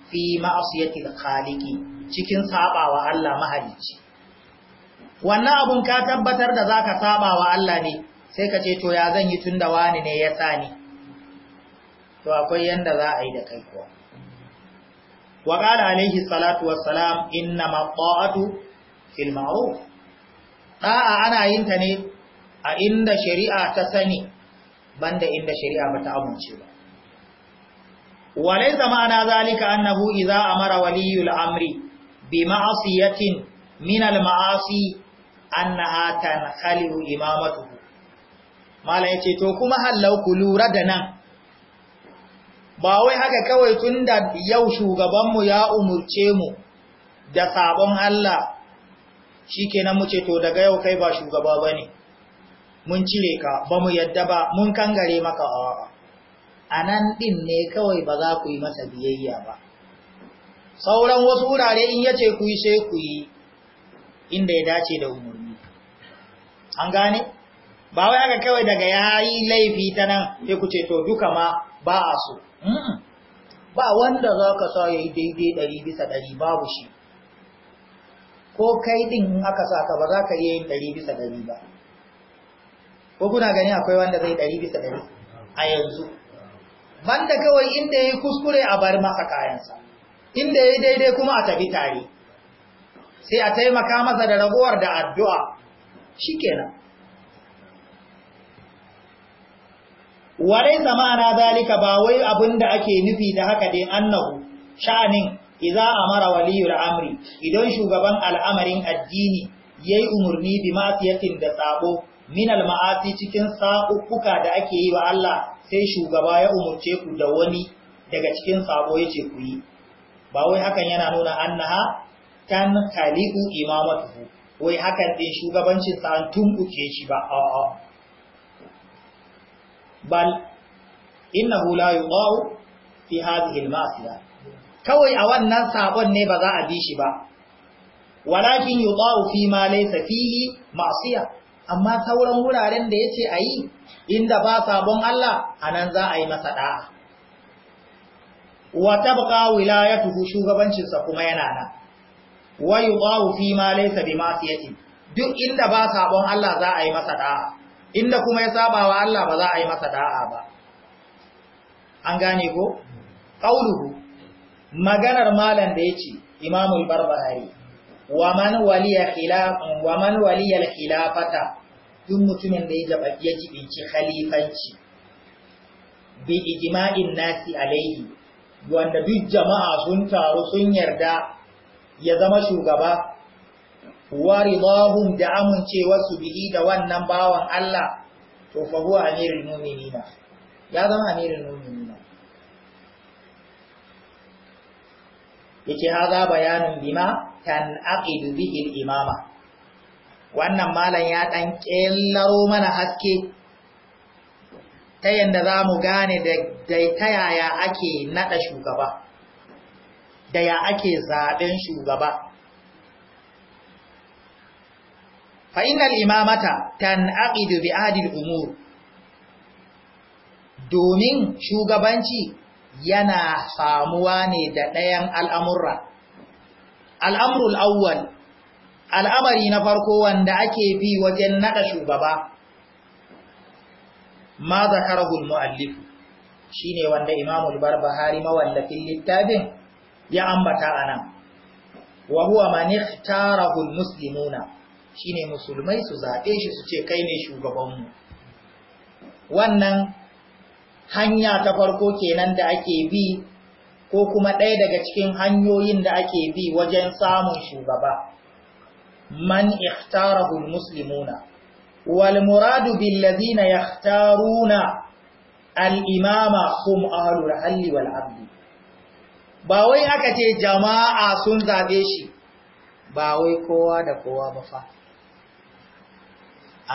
fi ma'siyati al-khaliqi cikin sabawa Allah mahalicci. Wannan abun ka tabbatar da zaka sabawa Allah ne sai ka ce to ya zan yi tun da wani ne ya tsani to akwai yadda za a yi da kai kuwa wa qala alaihi salatu wassalam inna ma fil ma'ruf ana yin ta ne a inda shari'a ta sani banda inda shari'a bata amince ba walaysa ma'ana zalika annahu idza amara waliyul amri bi ma'asiyatin min al ma'asi annaha tanqalu imamatu mala ya ce to kuma hallau ku lura da nan ba wai haka kawai tun da yau shugabanmu ya umurce mu da sabon Allah shi kenan mu ce to daga yau kai ba shugaba ba ne mun cire ka ba mu yadda ba mun kangare maka awa a nan ɗin ne kawai ba za ku yi masa biyayya ba sauran wasu wurare in yace ku yi sai ku yi inda ya dace da umarni an gane? ba wai aka kawai daga ya yi laifi ta nan sai ku ce to duka ma ba a so hmm. ba wanda za ka sa ya yi daidai ɗari bisa ɗari babu shi ko kai ɗin in aka sa ka ba za ka iya yin ɗari bisa ɗari ba ko kuna gani akwai wanda zai ɗari bisa ɗari a yanzu banda kawai inda ya yi kuskure a bar masa kayansa inda ya yi daidai kuma a tafi tare sai a taimaka masa da ragowar da addu'a shikenan warai zamana zalika ba wai abin da ake nufi da haka dai annahu sha'anin idza amara waliyul amri idan shugaban al'amarin addini yayi umurni bi ma'siyatin da sabo min al ma'asi cikin sa'ukuka da ake yi wa Allah sai shugaba ya umurce ku da wani daga cikin sabo yace ku yi ba wai hakan yana nuna annaha kan khaliqu imamatu wai hakan din shugabancin sa an ke shi ba a'a bal innahu la yudau fi hadhihi al-ma'siyah kawai a wannan sabon ne ba za a bi shi ba walakin yudau fi ma laysa fihi ma'siyah amma sauran wuraren da yace ayi inda ba sabon Allah anan za a yi masa da'a wa tabqa wilayatuhu shugabancin sa kuma yana nan wa yudau fi ma laysa bi ma'siyati duk inda ba sabon Allah za a yi masa da'a inda kuma ya saba wa Allah ba za a yi masa da'a ba an gane ko qauluhu maganar malan da yace imamul barbahari wa man waliya khilafan wa man waliya khilafata duk mutumin da ya jaba ya jibinci khalifanci bi ijma'in nasi alaihi wanda duk jama'a sun taru sun yarda ya zama shugaba wari ridahum da amincewarsu bihi da wannan bawan Allah to fa huwa amirul mu'minina ya zama amirul mu'minina yake haza bayanin bima kan aqidu bihi imama wannan malam ya dan kellaro mana haske ta yadda za mu gane da ta yaya ake nada shugaba da ya ake zaben shugaba fa innal imamata tan'aqidu bi adil umur domin shugabanci yana samuwa ne da ɗayan al'amurra al'amrul awwal al'amari na farko wanda ake bi wajen naɗa shugaba ma zakarahul mu'allifu shi ne wanda imamul barbahari mawallafin littafin ya ambata a nan wa huwa manif tarahul muslimuna shine musulmai su zaɓe shi su ce kai ne shugabanmu wannan hanya ta farko kenan da ake bi ko kuma ɗaya daga cikin hanyoyin da ake bi wajen samun shugaba man ikhtarahu muslimuna wal muradu bil ladina yakhtaruna al imama hum ahlul halli wal ba wai aka ce jama'a sun zabe shi ba wai kowa da kowa ba fa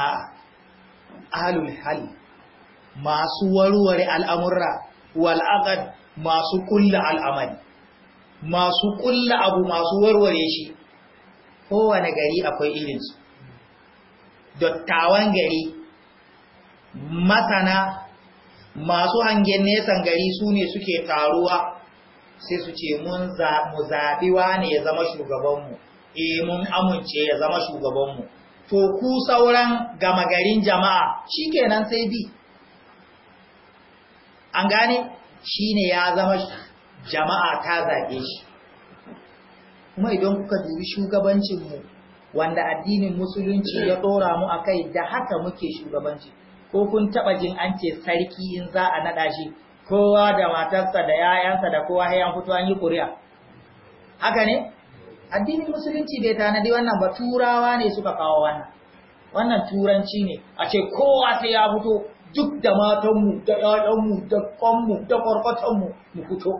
a alul hal masu warware al'amurra wal’agad masu kulla al'amari masu kulla abu masu warware shi kowane gari akwai irinsu dattawan gari masana masu hangen nesan gari su ne suke taruwa sai su ce mun zaɓi wane ya zama shugabanmu e mun amince ya zama shugabanmu ko ku sauran gama garin jama'a shi kenan sai bi an gane shi ne ya zama jama'a ta zaɓe shi kuma idan kuka dubi shugabancinmu wanda addinin musulunci ya tsora mu a kai da haka muke shugabanci ko kun taɓa jin an ce sarki in za a naɗa shi kowa da matarsa da 'ya'yansa da kowa hayan fito an yi ƙuri'a haka ne addinin musulunci bai tanadi wannan ba turawa ne suka kawo wannan wannan turanci ne a ce kowa sai ya fito duk da matanmu da ƴaƴanmu da kwanmu da ƙwarƙwatanmu mu fito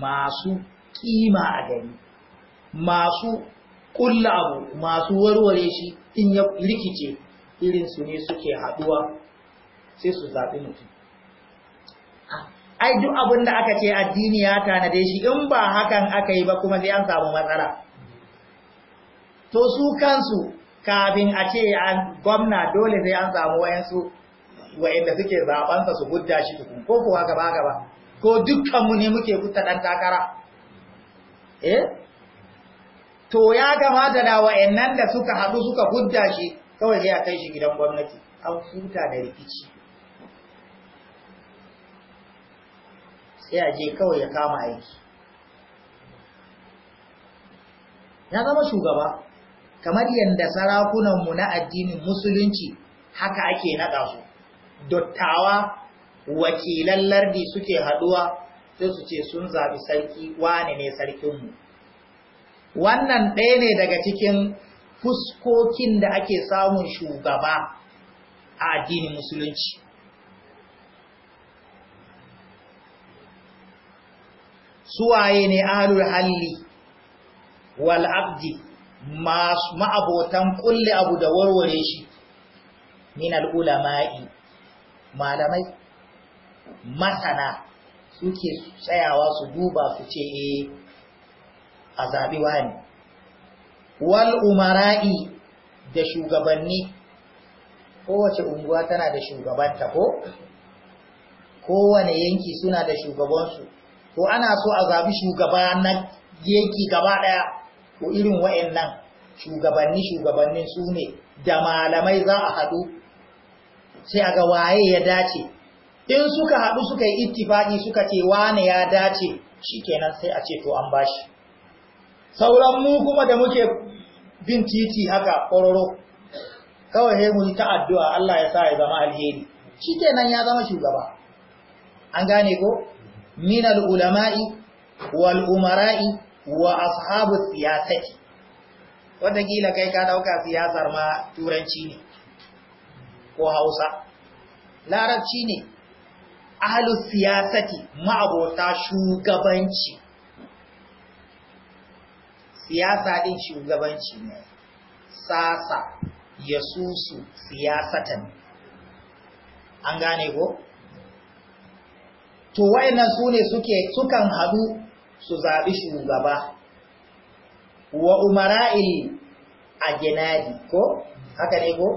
masu kima a gani masu ƙulla abu masu warware shi in ya rikice su ne suke haɗuwa sai su zaɓi mutum ai duk abin da aka ce addini ya tanade shi in ba hakan aka yi ba kuma sai an samu matsala to su kansu kafin a ce an gwamna dole sai an samu wayansu wayanda suke zabansa su gudda shi tukun ko kuwa gaba gaba ko dukkanmu ne muke kuta dan takara eh to ya kamata da wayannan da suka hadu suka gudda shi kawai sai a kai shi gidan gwamnati an huta da rikici sai a je kawai ya kama aiki na zama shugaba kamar yadda sarakunanmu na addinin musulunci haka ake naɗa su dottawa wakilan lardi suke haɗuwa sai su ce sun zaɓi sarki wane ne sarkinmu wannan ɗaya ne daga cikin fuskokin da ake samun shugaba a addinin musulunci suwaye ne ahlul halli wal abdi ma'abotan kulle abu da warware shi min al'ulama'i malamai masana suke tsayawa su duba su ce eh, a zaɓi wani wal umara'i da shugabanni kowace unguwa tana da shugabanta ko kowane yanki suna da shugabansu to ana so a zabi shugaba na yeki gaba daya to irin wayannan shugabanni shugabannin su ne da malamai za a hadu sai a ga waye ya dace in suka hadu suka yi ittifaki suka ce wane ya dace shikenan sai a ce to an bashi sauran mu kuma da muke bin titi haka kororo kawai sai mu ta addu'a Allah ya sa ya zama alheri shikenan ya zama shugaba an gane ko ulama'i al'ulama'i wal'umara'i wa ashabu siyasati watakila kai ka ɗauka siyasar ma turanci ne ko hausa larabci ne ahalus siyasati ma'abota shugabanci siyasa ɗin shugabanci ne sasa ya susu siyasatan an gane ko to wayannan su ne suke sukan hadu su zaɓi shugaba wa umara'il a genadi ko haka ne ko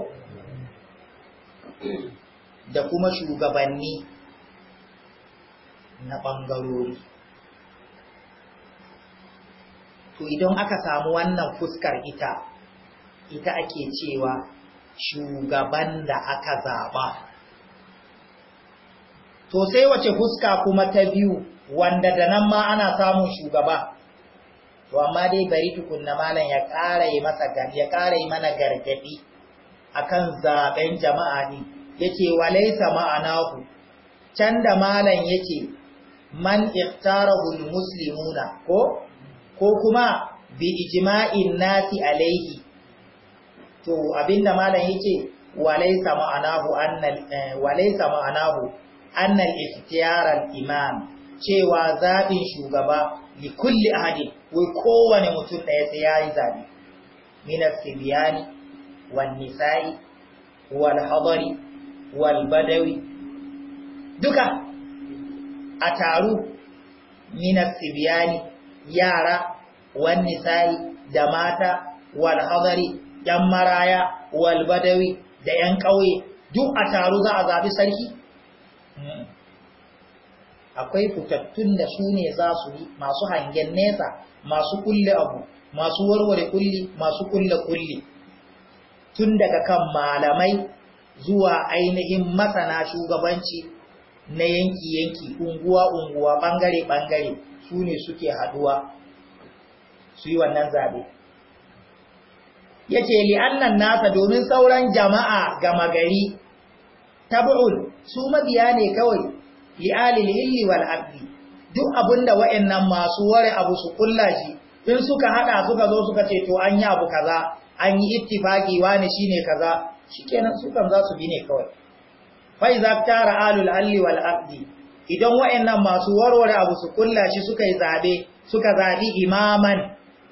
da kuma shugabanni na ɓangarori to idan aka samu wannan fuskar ita ita ake cewa shugaban da aka zaɓa to sai wace fuska kuma ta biyu wanda da nan ma ana samun shugaba to amma dai bari tukunna malam ya ƙara yi masa ya ƙara yi mana gargaɗi akan zaben jama'a ne yace ma'ana ku can da malam ce, man ihtarahu almuslimuna ko ko kuma bi ijma'in nasi alaihi to abinda malam yace walaysa ma'anahu annal eh, ma'ana annal ikhtiyaral imam cewa zabin shugaba li kulli ahadin wai kowane mutum da sai yayi zaɓi min as sibyan wan nisa'i wal hadari wal badawi duka a taru min as sibyan yara wan nisa'i da mata wal hadari yan maraya wal badawi da yan ƙauye duk a taru za a zaɓi sarki akwai fitattun da su ne za su yi masu hangen nesa masu kulle abu masu warware kulli masu kulle kulli tun daga kan malamai zuwa ainihin masana shugabanci na yanki-yanki unguwa-unguwa bangare-bangare su ne suke haduwa su yi wannan zabe ya ce li'annan nasa domin sauran jama'a gama gari tabu'ul su mabiya ne kawai li'alil illi wal abdi duk abinda wayannan masu ware abu su kulla shi in suka hada suka zo suka ce to an yi abu kaza an yi ittifaki wani shine kaza shikenan su kan za su bi ne kawai fa iza tara alul alli wal abdi idan wayannan masu warware abu su kulla shi suka yi zabe suka zabi imaman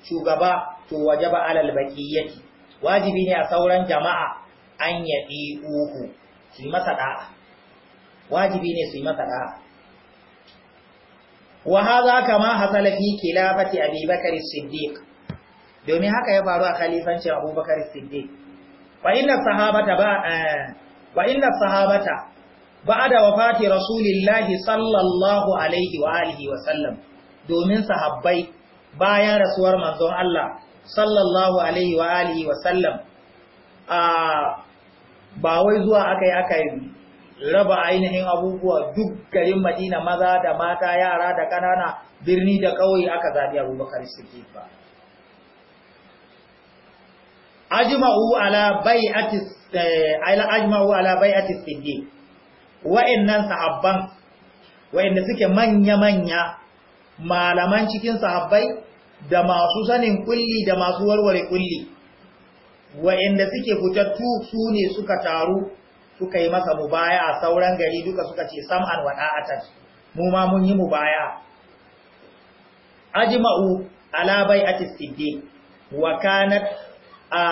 shugaba to wajaba alal baqiyati wajibi ne a sauran jama'a an yadi uku. su yi masa ɗa'a. wajibi ne su yi masa ɗa'a. wa hadha kama hasala fi khilafati Abi Bakr as-Siddiq domin haka ya faru a khalifancin Abu Bakr as-Siddiq fa inna sahabata ba eh, wa inna sahabata ba'da wafati rasulillahi sallallahu alaihi wa alihi wa sallam domin sahabbai bayan rasuwar manzon Allah sallallahu alaihi wa alihi wa sallam a ah, ba wai zuwa aka yi aka raba ainihin abubuwa duk garin madina maza da mata yara da kanana birni da ƙauye aka zaɓi abubakar suke ba ajma'u ala bai'ati eh, ala ajma'u ala bai'ati wa'annan sahabban wa'anda suke manya manya malaman cikin sahabbai da masu sanin kulli da masu warware kulli wa'inda suke fitattu su ne suka taru suka yi masa mubaya a sauran gari duka suka ce sam'an wa da'atan mu ma mun yi mubaya ajma'u ala bai'ati siddiq wa kanat a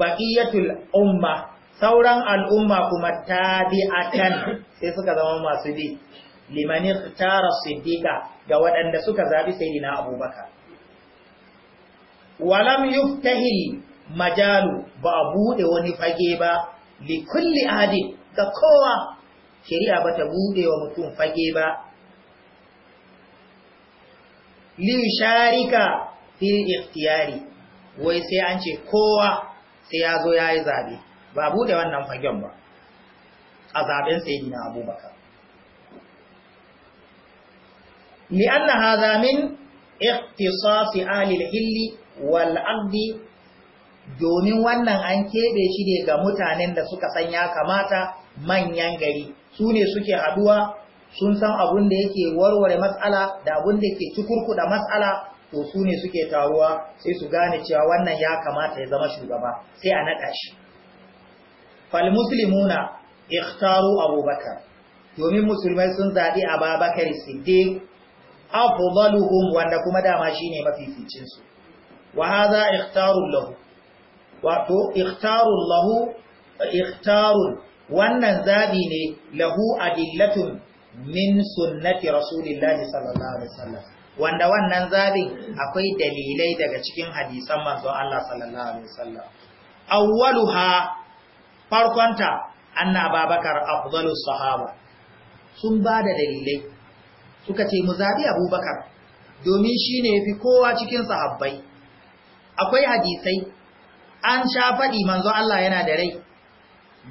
baqiyatul umma sauran al'umma kuma tabi'atan sai suka zama masu bi liman ikhtara siddiqa ga waɗanda suka zabi sayyidina abubakar walam yuftahi majalu ba a buɗe wani fage ba li kulli adin ga kowa shari'a ba ta buɗe wa mutum fage ba li sharika fil ikhtiyari wai sai an ce kowa sai ya zo ya yi zaɓe ba a buɗe wannan fagen ba a zaɓen sai na abubakar li'anna haza hazamin ikhtisasi ahli hilli wal'adi domin wannan an keɓe shi ne ga mutanen da suka san ya kamata manyan gari su ne suke haduwa sun san abun da yake warware matsala da abun da ke da matsala to su ne suke taruwa sai su gane cewa wannan ya kamata ya zama shugaba sai a naɗa shi fal muslimuna ikhtaru abubakar domin musulmai sun zaɓi Sidi siddiq afdaluhum wanda kuma dama shine mafificinsu, su wa hadha ikhtarun lahu wato ikhtarun lahu ikhtarun wannan zabi ne lahu adillatun min sunnati rasulillahi sallallahu alaihi wasallam wanda wannan zabi akwai dalilai daga cikin hadisan manzon Allah sallallahu alaihi wasallam awwaluha farkonta anna babakar afdalus sahaba sun bada dalilai suka ce mu zabi abubakar domin shine yafi kowa cikin sahabbai akwai hadisai an sha faɗi manzo Allah yana da rai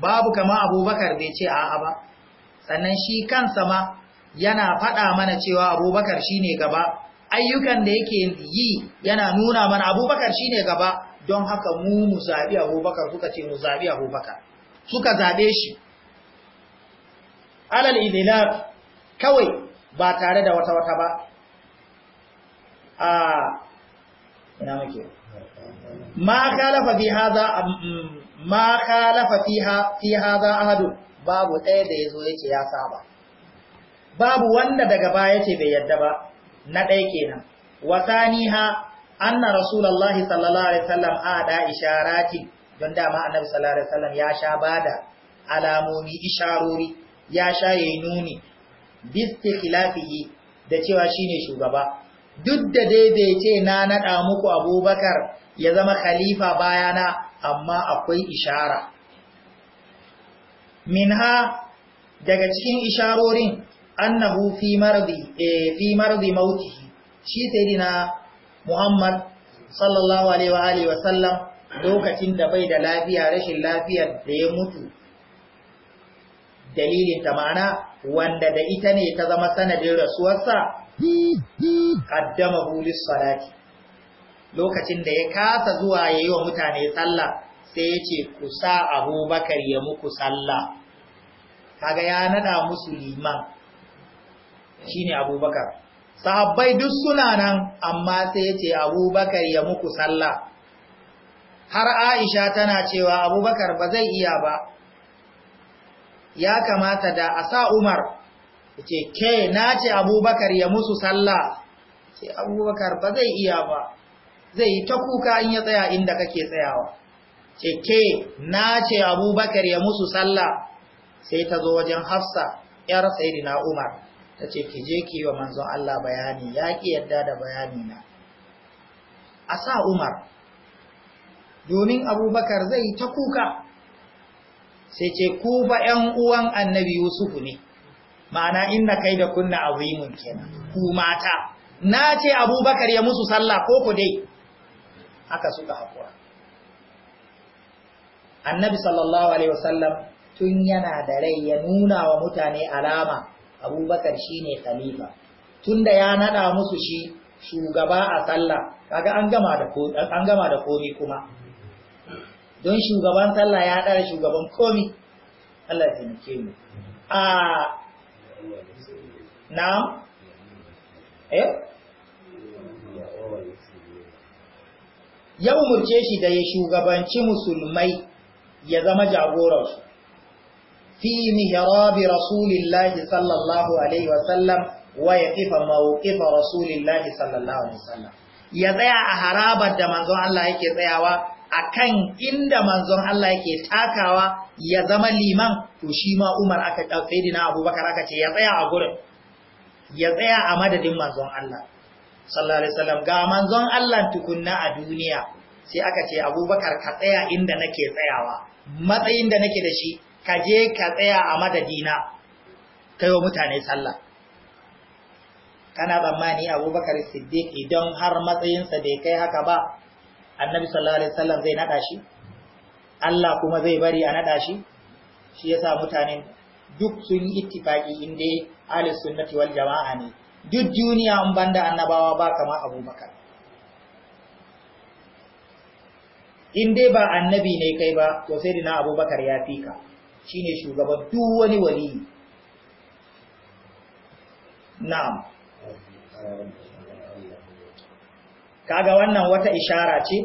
babu kama abubakar bai ce a'a ba sannan shi kansa ma yana faɗa mana cewa abubakar shine gaba ayyukan da yake yi yana nuna mana abubakar shine gaba don haka mu mu zabi abubakar suka ce mu zabi abubakar suka zabe shi alal idilaf kawai ba tare da wata wata ba a ah, ina muke ma khalafa fi hadha ma khalafa fiha babu ɗaya da yazo yace ya saba babu wanda daga baya ce bai yarda ba na ɗaya kenan wasaniha anna rasulullahi sallallahu alaihi wasallam ada isharati don dama annabi sallallahu alaihi ya sha bada alamomi isharori ya sha yayi nuni bistikhilafihi da cewa shine shugaba duk da daidaice na naɗa muku abubakar ya zama khalifa bayana amma akwai ishara minha daga cikin isharorin annahu fi mardi eh, fi shi sayyidina Muhammad sallallahu alaihi wa sallam lokacin da bai da lafiya rashin lafiyar da ya mutu dalilin ta ma'ana wanda da ita ne ta zama sanadin rasuwarsa hmm, hmm. qaddama hulis salati lokacin da ya kasa zuwa ya yi wa mutane sallah sai ya ce ku sa abubakar ya muku sallah kaga ya nada musu liman ne abubakar sahabbai duk suna nan amma sai ya ce abubakar ya muku sallah har aisha tana cewa abubakar ba zai iya ba ya kamata da a sa umar ce ke na ce abubakar ya musu sallah ce abubakar ba zai iya ba zai yi ta kuka in ya tsaya inda kake tsayawa ce ke na ce abubakar ya musu sallah sai ta zo wajen hafsa yar sayyidina umar ta ce ki je ki wa manzon Allah bayani ya ki yadda da bayani na a sa umar domin abubakar zai yi ta kuka sai ce ku ba ‘yan uwan annabi yusufu ne ma'ana inna kai da kunna azimun kenan ku mata na ce abubakar ya musu sallah ko ku dai Aka suka haƙura annabi sallallahu alaihi wasallam tun yana da rai ya nuna wa mutane alama abubakar shine khalifa tunda ya nada musu shi shugaba a sallah kaga an gama da an gama da komi kuma don shugaban sallah ya ɗara shugaban komi Allah ya taimake mu a na eh ya umurce shi da ya shugabanci musulmai ya zama su fi mihrabi rasulillahi sallallahu alaihi wasallam wa yaqifa mawqifa rasulillahi sallallahu alaihi wasallam ya tsaya a harabar da manzon Allah yake tsayawa akan inda manzon Allah yake takawa ya zama liman to shi ma Umar aka dauke dina Abubakar aka ce ya tsaya a gurin ya tsaya a madadin manzon Allah sallallahu alaihi wasallam ga manzon Allah tukunna a duniya sai aka ce Abubakar ka tsaya inda nake tsayawa matsayin da nake da shi ka je ka tsaya a madadina kai wa mutane sallah kana tsammani Abubakar Siddiq idan har matsayinsa bai kai haka ba Annabi sallallahu alaihi wasallam zai nada shi Allah kuma zai bari a nada shi shi yasa mutane duk sun yi ittifaki inda ahlus sunnati wal jama'a ne duk duniya an banda annabawa ba kama abubakar in dai ba annabi ne kai ba to sai dina abubakar ya fi ka shi ne shugaban duk wani wali na'am kaga wannan wata ishara ce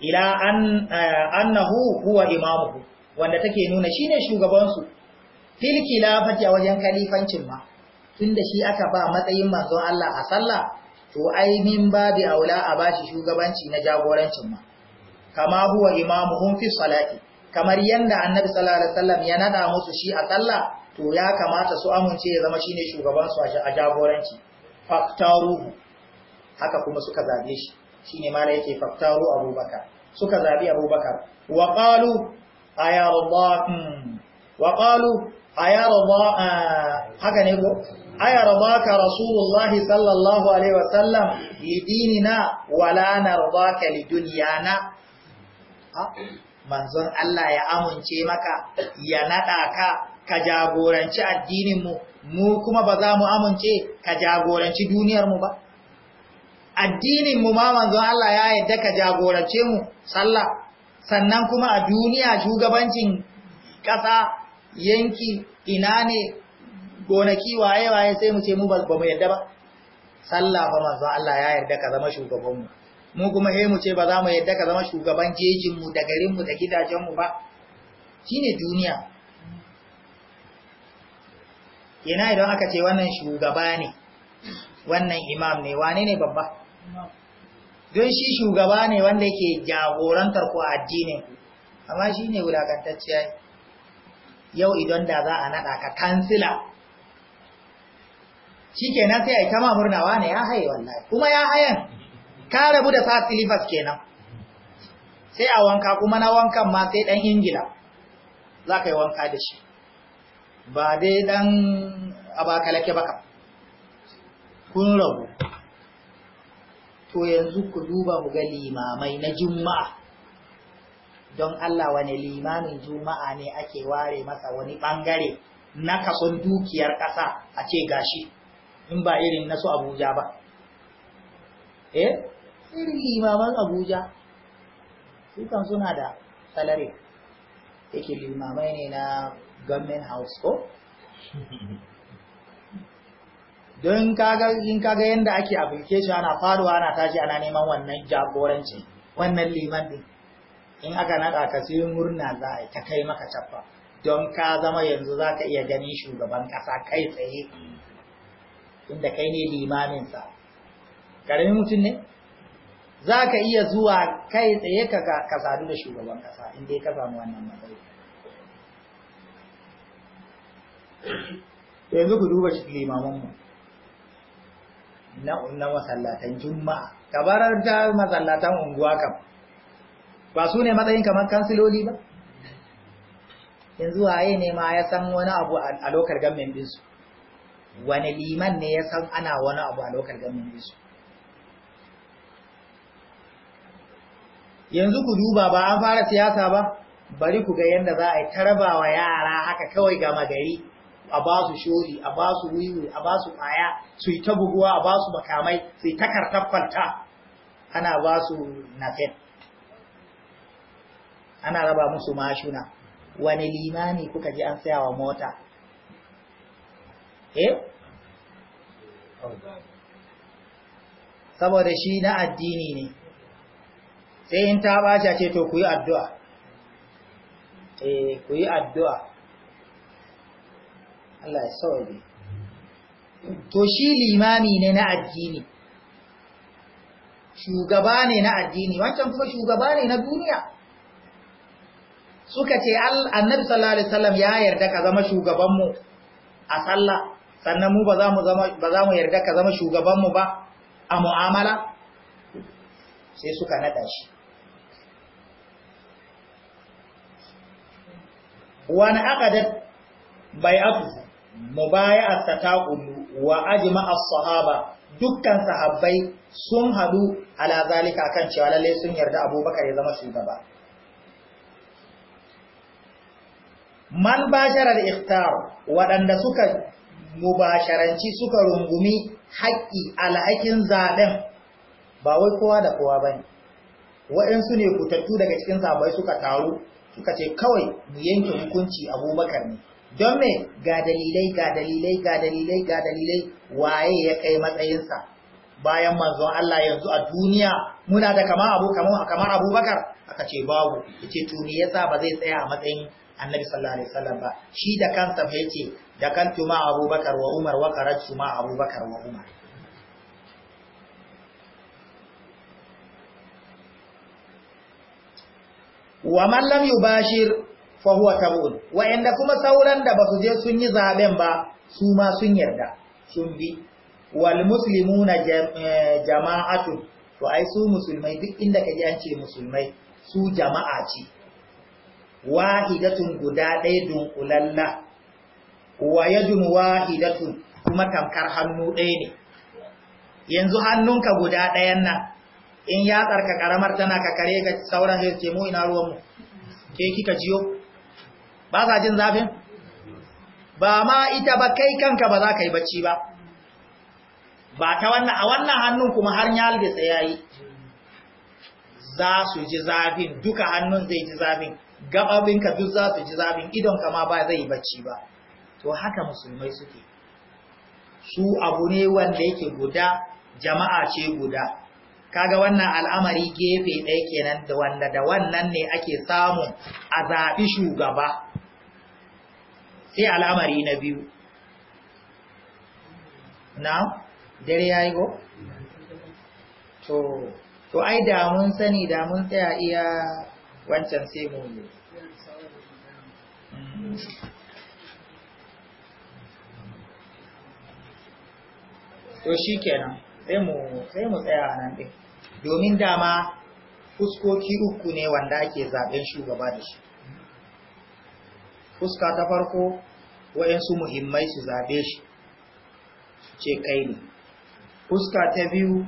ila an eh, annahu huwa imamuhu wanda take nuna shine shugabansu fil lafati a wajen kalifancin ma tunda shi aka ba matsayin manzon Allah a sallah to ai min babu aula a bashi shugabanci na jagorancin ma kama huwa imamuhum fi salati kamar yanda annabi sallallahu alaihi wasallam ya nada musu shi a sallah to ya kamata su amince ya zama shine shugaban su a jagoranci faktaru haka kuma suka zabe shi shine mala yake faktaru abubakar suka zabi abubakar wa qalu ayar hmm. wa qalu ayar ah, haka ne ko Aya ayarbaka rasulullahi sallallahu alaihi wasallam na wala narbaka lidunyana manzon Allah ya amince maka ya nada ka ka jagoranci addinin mu kuma ba za mu amince ka jagoranci duniyar ba Addininmu ma manzon Allah ya yadda ka jagorance mu sallah sannan kuma a duniya shugabancin ƙasa yanki ina ne gonaki waye waye sai mu ce mu ba mu yadda ba sallah fa manzo Allah ya yarda ka zama shugaban mu mu kuma he mu ce ba za mu yadda ka zama shugaban jejin mu da garin mu da gidajen mu ba shine duniya yana idan aka ce wannan shugaba ne wannan imam ne wane ne babba don shi shugaba ne wanda yake jagorantar ku addinin ku amma shine wulakantacciya yau idan da za a nada ka kansila nan sai yi ta mamurna murnawa ne ya haye wallahi kuma ya hayan ka rabu da sa silifas kenan sai a wanka kuma na wankan ma sai dan ingila za ka yi wanka da shi ba dai dan abakalake baka kun rabu to yanzu ku duba mu ga limamai na juma'a don Allah wani limamin juma'a ne ake ware masa wani bangare na kason dukiyar ƙasa a ce gashi in ba irin nasu Abuja ba eh irin limaman Abuja su suna da salari. yake limamai ne na government house ko (laughs) don kaga in kaga yanda ake application ana faruwa ana tashi ana neman wannan jagoranci wannan liman din in aka naɗa ka sai murna za a ta kai maka cappa don ka zama yanzu za ka iya ganin shugaban ƙasa kai tsaye tunda kai ne limaminsa ƙaramin mutum ne za ka iya zuwa kai tsaye ka sadu da shugaban ƙasa inda ya ka samu wannan matsayi yanzu ku duba mu. na masallatan juma'a kabarar ta masallatan unguwa kam ba su ne matsayin kamar kansiloli ba yanzu waye ne ma ya san wani abu a lokar gamin binsu wani liman ne ya san ana wani abu a lokar ganin bisu yanzu ku duba ba an fara siyasa ba bari ku ga yadda za a yi wa yara haka kawai gama gari a ba su shori a ba su wiwi a ba su kwaya su yi ta buguwa a ba su makamai su yi ta kartar ana ba su nafin ana raba musu mashuna wani limani kuka ji an sayawa mota eh saboda shi na addini ne sai in ta ba ce to ku yi addu'a eh ku yi addu'a Allah ya saurari to shi limami ne na addini shugaba ne na addini wancan kuma shugaba ne na duniya suka ce annabi sallallahu alaihi wasallam ya yarda ka zama shugabanmu a sallah sannan mu ba za mu yarda ka zama shugabanmu ba a mu'amala sai suka nada shi wani bai aqadat a mubaya'at tataqulu wa ajima a sahaba dukkan sahabbai sun hadu ala zalika kan cewa lalle sun yarda Abubakar ya zama shugaba man bashara da ikhtar wadanda suka mubasharanci suka rungumi haƙƙi alhakin zaɗen ba wai kowa da kowa ba ne waɗansu ne kutattu daga cikin sabai suka taru suka ce kawai mu yanke hukunci abubakar ne don me ga dalilai ga dalilai ga dalilai ga dalilai waye ya kai matsayinsa bayan manzon Allah yanzu a duniya muna da kama abu kamar abubakar aka ce babu yace tuni yasa ba zai tsaya a matsayin annabi sallallahu alaihi wasallam ba shi da kansa bai ce. da kantu ma abubakar wa umar wa qaratu ma abubakar wa umar wa man lam yubashir fa huwa tabun inda kuma sauran da basu je sun yi zaben ba su ma sun yarda sun bi wal muslimuna eh, jama'atu to ai su musulmai duk inda kaje an ce musulmai su jama'a ce wahidatun guda ɗaya dunkulalla wa yadun wahidatun kuma tamkar hannu ɗaya ne yanzu hannunka guda ɗayan nan in ya tsarka karamar tana ka kare ga sauran zai ce mu ina ruwanmu ke kika jiyo ba sa jin zafin ba ma ita ba kai kanka ba za ka yi bacci ba ba ta wannan a wannan hannun kuma har ya albisa ya yi za su ji zafin duka hannun zai ji zafin gaɓaɓinka duk za su ji zaɓin idonka ma ba zai bacci ba to haka musulmai suke su abu ne wanda yake guda jama'a ce guda kaga wannan al'amari gefe ɗaya kenan da wanda da wannan ne ake samun a zaɓi shugaba sai al'amari na biyu na dare ya yi go? to to ai da mun sani da mun tsaya iya wancan sai mu to shi kenan sai mu tsaya a nan ɗin domin dama fuskoki uku ne wanda ake zaben shugaba da shi fuska ta farko wayansu muhimmai su zabe shi ce kai ne fuska ta biyu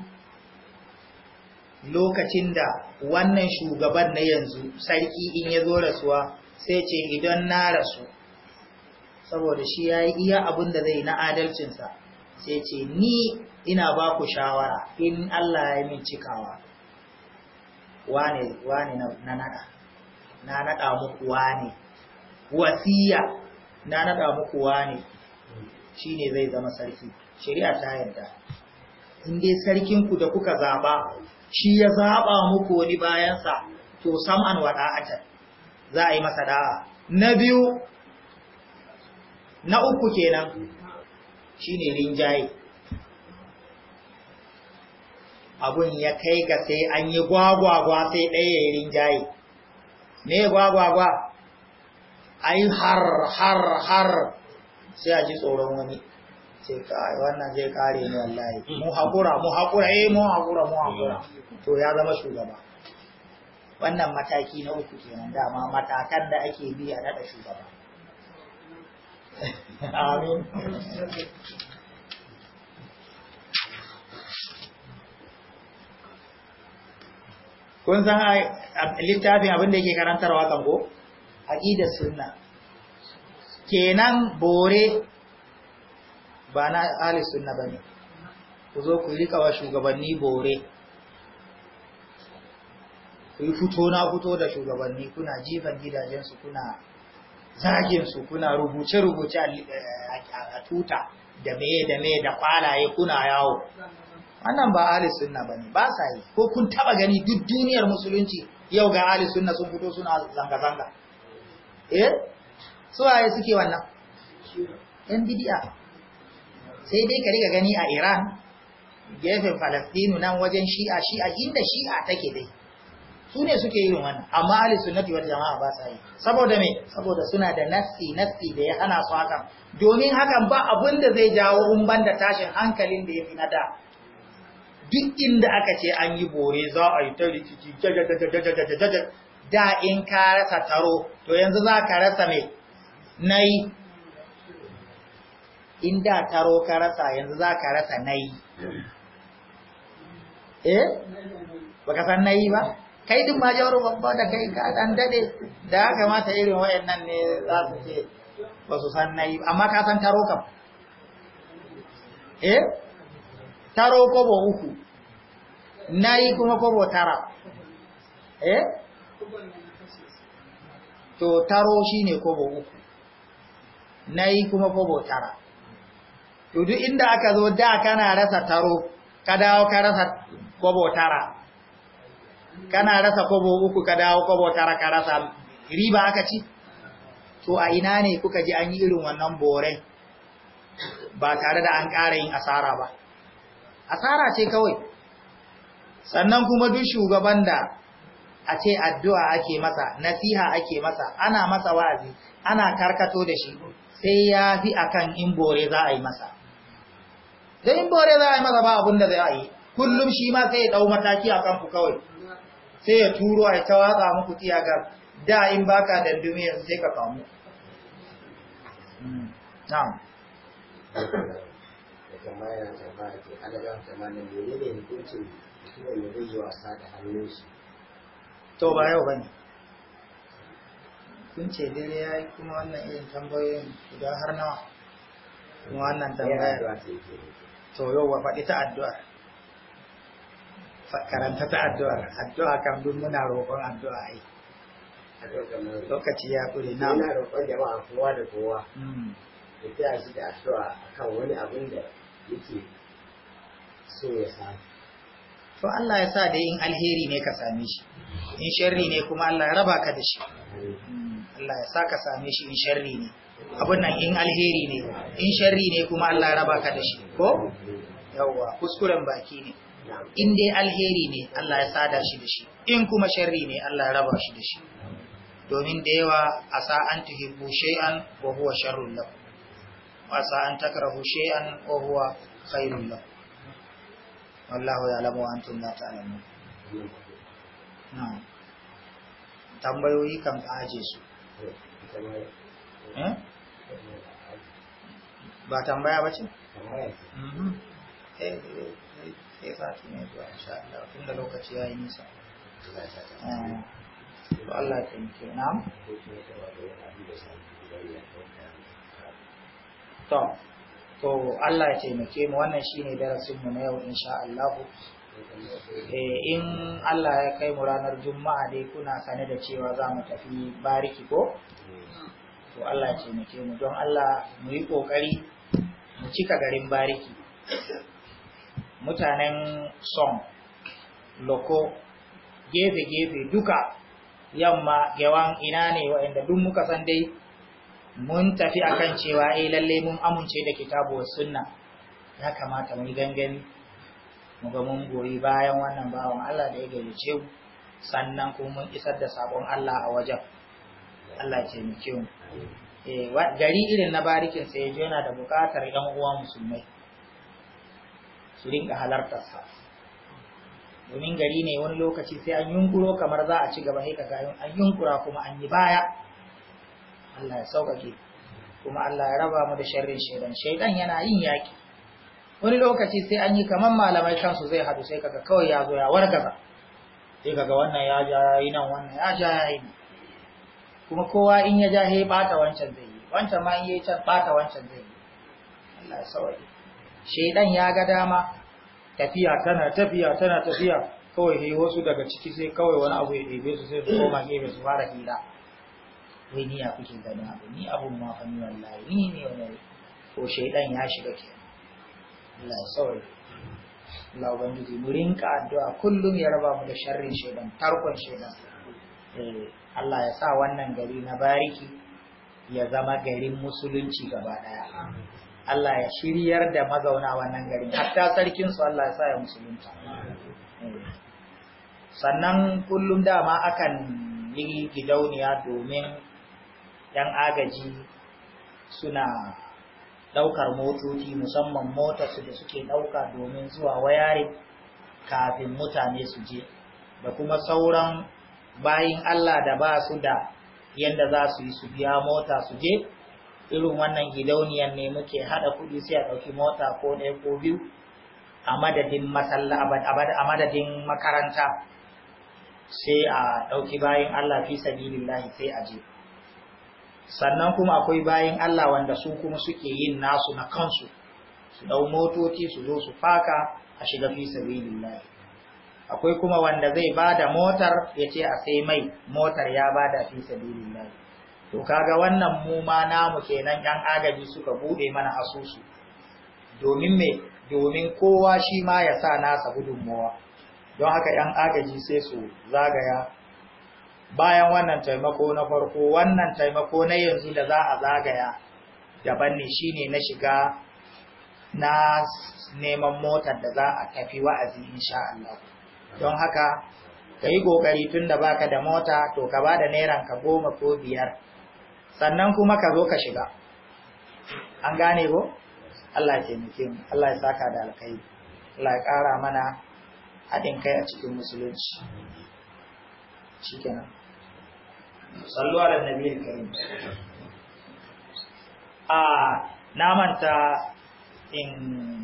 lokacin da wannan shugaban na yanzu sarki in ya zo rasuwa sai ce idan na rasu saboda shi ya yi iya abin da zai na adalcinsa sai ce ni ina ba ku shawara in Allah ya min cikawa wane na nada na nada muku wane wasiya na nada muku wane ne zai zama sarki shari'a ta yarda sarkin ku da kuka zaɓa shi ya zaba muku wani bayansa to sam'an waɗa'atar za a yi masa da'a na biyu na uku kenan shi rinjaye abun ya kai ga sai an yi gwagwagwa sai ɗaya ya rinjaye ne gwagwagwa a yi har har har sai a ji tsoron wani ce kai wannan zai kare ne wallahi mu hakura mu hakura eh mu hakura mu hakura to ya zama shugaba wannan mataki na uku kenan dama matakan da ake bi a nada shugaba (laughs) amin kun san littafin abin da yake karantarwa kan ko aqidar sunna kenan bore ba na ahli sunna bane ku zo ku rika wa shugabanni bore ku yi fito na fito da shugabanni kuna jifan gidajensu kuna zaginsu kuna rubuce-rubuce a eh, tuta da meye da meye da kwalaye kuna yawo wannan ba ahli sunna bane ba sa yi ko kun taba gani duk duniyar musulunci yau ga ahli sunna sun fito suna zanga-zanga eh su suke wannan yan bidiya sai dai ka riga gani a iran gefen falastinu nan wajen shi'a shi'a inda shi'a take dai su ne suke yi wannan amma ahli sunnati wal jama'a ba sa yi saboda me saboda suna da nassi nassi da ya hana su hakan domin hakan ba abin da zai jawo in banda tashin hankalin da ya fi nada duk inda aka ce an yi bore za a yi ta rikici da in ka rasa taro to yanzu za ka rasa me nai in da taro ka rasa yanzu za ka rasa yi eh baka san na yi ba kai duk ma jawar babba da kai ka dan dade da ya kamata irin wayannan ne za su ce ba su san na ba. amma ka san taro kam eh taro kobo uku Na yi kuma kobo tara eh to taro shine kobo uku Na yi kuma kobo tara to duk inda aka zo da kana rasa taro ka dawo ka rasa kobo tara kana rasa kobo uku ka dawo kobo tara ka rasa riba aka ci to a ina ne kuka ji an yi irin wannan boren ba tare da an ƙara yin asara ba asara ce kawai sannan kuma duk shugaban da a ce addu'a ake masa nasiha ake masa ana masa wa'azi ana karkato da shi sai ya fi akan in bore za a yi masa da in bore za a yi masa ba abin da zai a yi kullum shi ma sai ya ɗau mataki a kanku kawai sai ya turo a yi ta watsa muku tiyagar da in baka dandumi yanzu sai ka kamu hmm. na'am to ba yau ba ne. kun ce dare ya yi kuma wannan irin tambayoyin guda har nawa kuma wannan tambayar to yau wa faɗi ta addu'ar karanta ta addu'ar addu'a kan duk muna roƙon addu'a ai lokaci ya ƙure na muna roƙon jama'a kowa da kowa hmm. ya taya shi da addu'a akan wani abin da yake so ya samu to Allah ya sa dai in alheri ne ka same shi in sharri ne kuma Allah ya raba ka da shi hmm. Allah ya sa ka same shi in sharri ne abin nan in alheri ne in sharri ne kuma Allah ya raba ka da shi ko yawwa kuskuren baki ne in dai alheri ne Allah ya sada shi da shi in kuma sharri ne Allah ya raba shi da shi domin da yawa a an tuhibbu shay'an wa huwa sharrun lakum wa sa'an an takrahu shay'an wa huwa khairun lakum wallahu ya'lamu wa antum la ta'lamun na'am tambayoyi kan aje su eh ba tambaya ba ce? sai sati ne zuwa insha Allah tun da lokaci ya yi nisa to Allah ya taimake na to to Allah ya taimake mu wannan shine darasin mu na yau insha Allah in Allah ya kai mu ranar juma'a dai kuna sane da cewa za mu tafi bariki ko to Allah ya taimake mu don Allah mu yi ƙoƙari mu cika garin bariki mutanen son loko gefe-gefe duka yamma gawan ina ne waanda duk muka san dai mun tafi akan cewa eh lalle mun amince da kitabu wa sunna ya kamata mu gangan mu ga mun goyi bayan wannan bawan Allah da ya gayyace mu sannan kuma mun isar da sabon Allah a wajen Allah ya taimake mu Eh, gari irin na barikin sai yaje yana da bukatar yan uwa musulmai su rinka halartarsa domin gari ne wani lokaci sai an yunkuro kamar za a ci gaba sai kaga an yunkura kuma an yi baya Allah ya sauƙaƙe kuma Allah ya raba mu da sharrin shaidan shaidan yana yin yaki wani lokaci sai an yi kamar malamai kansu zai hadu sai kaga kawai ya zo ya wargaza sai kaga wannan ya ja yi nan wannan ya ja yi nan kuma kowa in ya ja he bata wancan zai yi wancan ma in yayi can bata wancan zai yi Allah ya sauke shedan ya ga dama tafiya tana tafiya tana tafiya kawai he wasu daga ciki sai kawai wani abu ya ɗebe su sai su koma gefe su fara hira wai ni ya kuke gani abu ni abu ma fa ni wallahi ni ne wani ko shedan ya shiga ke Allah ya sauke Allah Ubangiji mu rinka addu'a kullum ya raba mu da sharrin shaidan tarkon shaidan eh, Allah ya sa wannan gari na bariki ya zama garin musulunci gaba daya Allah ya shiryar da mazauna wannan gari, hatta sarkin su Allah ya sa ya musulunta sannan kullum dama akan yi gidauniya domin yan agaji suna daukar motoci musamman motarsu da suke ɗauka domin zuwa wayarin kafin mutane su je da kuma sauran bayin Allah da ba su da yadda za su yi su biya mota su je irin wannan gidauniyar ne muke haɗa kuɗi sai a ɗauki mota ko ɗaya ko biyu a madadin a madadin makaranta sai a ɗauki bayin Allah fi sabilillahi sai a je sannan kuma akwai bayin Allah wanda su kuma suke yin nasu na kansu su ɗau motoci su zo su faka a shiga fi sabilillahi akwai kuma wanda zai bada motar ya ce a sai mai motar ya bada fi sabilillah to kaga wannan mu ma namu kenan yan agaji suka bude mana asusu domin me domin kowa shi ma ya sa nasa gudunmawa don haka yan agaji sai su zagaya bayan wannan taimako na farko wannan taimako na yanzu da za a zagaya daban ne shine na shiga na neman motar da za a tafi wa'azi insha Allah don haka ka yi ƙoƙari tun da baka da mota to ka ba da ka goma ko biyar sannan kuma ka zo ka shiga an gane ko Allah ya taimake mu Allah ya saka da alkai Allah ya ƙara mana haɗin kai a cikin musulunci shikenan sallu ala nabiyil karim a ah, na manta in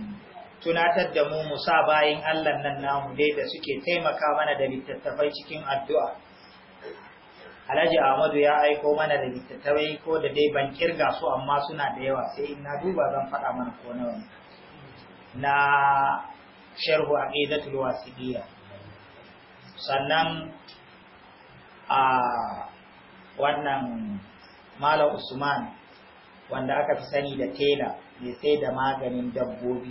tunatar da mu musa bayin Allah nan namu dai da suke taimaka mana da littattafai cikin addu'a. Alhaji Ahmadu ya aiko mana da littattafai ko da dai ban kirga su amma suna da yawa sai in na duba zan faɗa mana ko na wani. na sharhu a aqidatul wasiɗiya. sannan a wannan Malam Usman wanda aka fi sani da tela mai sai da maganin dabbobi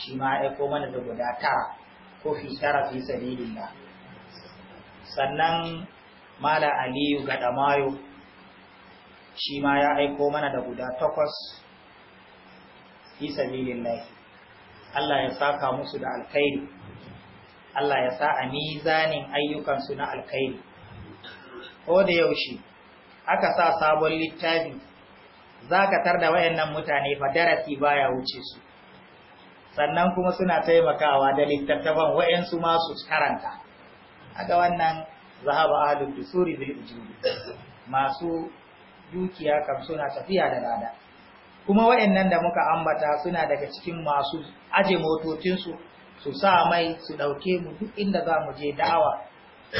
shi ma ya aiko mana da guda tara ko fi tara fi da. sannan mala aliyu mayo shi ma ya aiko mana da guda takwas fi sabilillah Allah ya saka musu da alkhairi Allah ya sa a mizanin ayyukansu na alkhairi ko da yaushe aka sa sabon littafi za ka tar da wayannan mutane fa darasi baya wuce su sannan kuma suna taimakawa da littattafan wa'yansu masu karanta A ga wannan zahaba ahlul dusuri bil ujubi masu dukiya kam suna tafiya da lada kuma wa'yannan da muka ambata suna daga cikin masu aje motocinsu su sa mai su ɗauke mu duk inda za mu je da'awa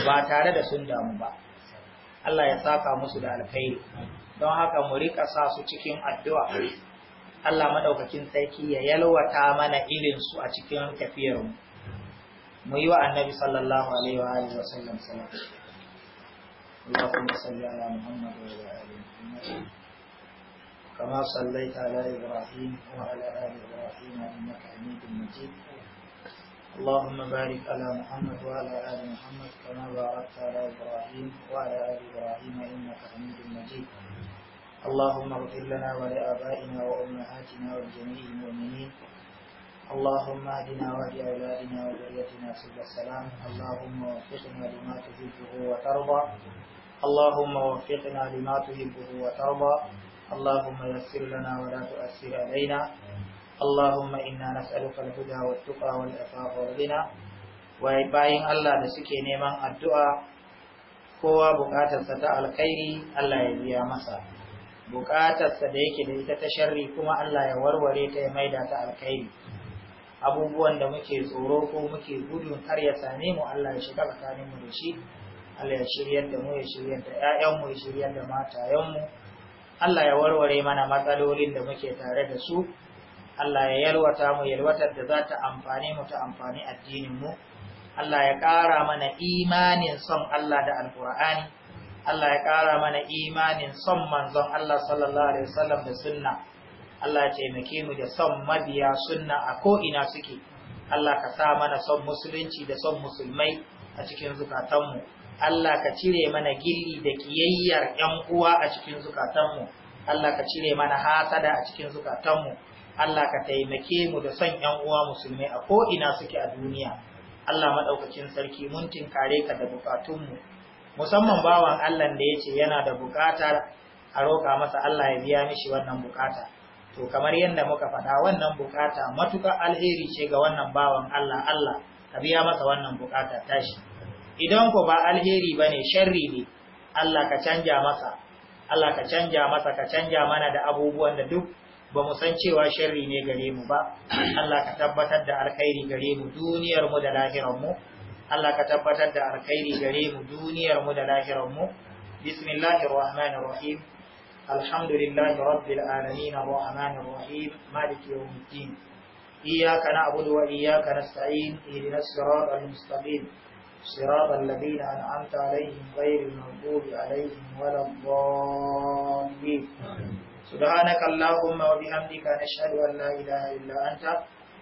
ba tare da sun damu ba Allah ya saka musu da alkhairi don haka mu riƙa sa su cikin addu'a Allah maɗaukakin sarki ya yalwata mana ilinsu a cikin tafiyarmu. Mu yi wa annabi sallallahu Alaihi wa Alaihi wa sallam salatu. Allahumma salli Muhammad wa ala ali Muhammad. كما صليت على إبراهيم وعلى آل إبراهيم إنك حميد مجيد اللهم بارك على محمد وعلى آل محمد كما باركت على إبراهيم وعلى آل إبراهيم إنك حميد مجيد اللهم اغفر لنا ولآبائنا وأمهاتنا ولجميع المؤمنين اللهم اهدنا واهد أولادنا وذريتنا سبل السلام اللهم وفقنا لما تحبه وترضى اللهم وفقنا لما تحبه وترضى اللهم يسر لنا ولا تؤثر علينا اللهم إنا نسألك الهدى والتقى والعفاف والغنى bayan Allah da suke neman addu'a kowa bukatarsa ta alkhairi Allah ya biya masa bukatarsa da yake da ita ta sharri kuma Allah ya warware ta ya maida ta alkhairi abubuwan da muke tsoro ko muke gudun har ya same mu Allah ya shiga tsakanin mu da shi Allah ya shiryar da mu ya shiryar da ƴaƴan mu ya shiryar da matayen mu Allah ya warware mana matsalolin da muke tare da su Allah ya yalwata mu yalwatar da za ta amfane mu ta amfani addinin mu Allah ya ƙara mana imanin son Allah da Alkur'ani. Allah ya ƙara mana imanin son manzon Allah sallallahu alaihi wasallam da sunna Allah ya taimake mu da son mabiya sunna a ko ina suke Allah ka sa mana son musulunci da son musulmai a cikin zukatanmu Allah ka cire mana gilli da kiyayyar ƴan uwa a cikin zukatanmu Allah ka cire mana hasada a cikin zukatanmu Allah ka taimake mu da son ƴan uwa musulmai a ko ina suke a duniya Allah madaukakin sarki mun tinkare ka da bukatunmu musamman bawan Allah da ya ce yana da buƙatar a roƙa masa Allah ya biya mishi wannan bukata to kamar yadda muka faɗa wannan bukata matuƙar alheri ce ga wannan bawan Allah Allah ka biya masa wannan bukata tashi idan ku ba alheri bane sharri ne Allah ka canja masa Allah ka canja masa ka canja mana da abubuwan da duk ba mu san cewa sharri ne gare mu ba Allah ka tabbatar da alkhairi gare mu duniyar mu da lahirar mu Allah ka tabbatar da alkhairi gare mu duniyar mu da lahirar mu bismillahir rahmanir rahim alhamdulillahi rabbil alamin arrahmanir rahim maliki yawmiddin iyyaka na'budu wa iyyaka nasta'in ihdinas siratal mustaqim صراط الذين أنعمت عليهم غير المغضوب عليهم ولا الضالين سبحانك اللهم وبحمدك نشهد أن لا إله إلا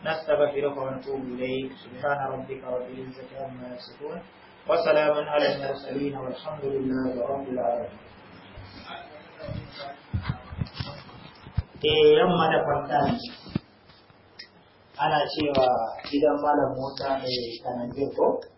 نستغفرك ونتوب إليك سبحان ربك رب العزة عما يصفون وسلام على المرسلين والحمد لله رب العالمين Eh yamma da fardan ana cewa idan malam mota mai kanan ko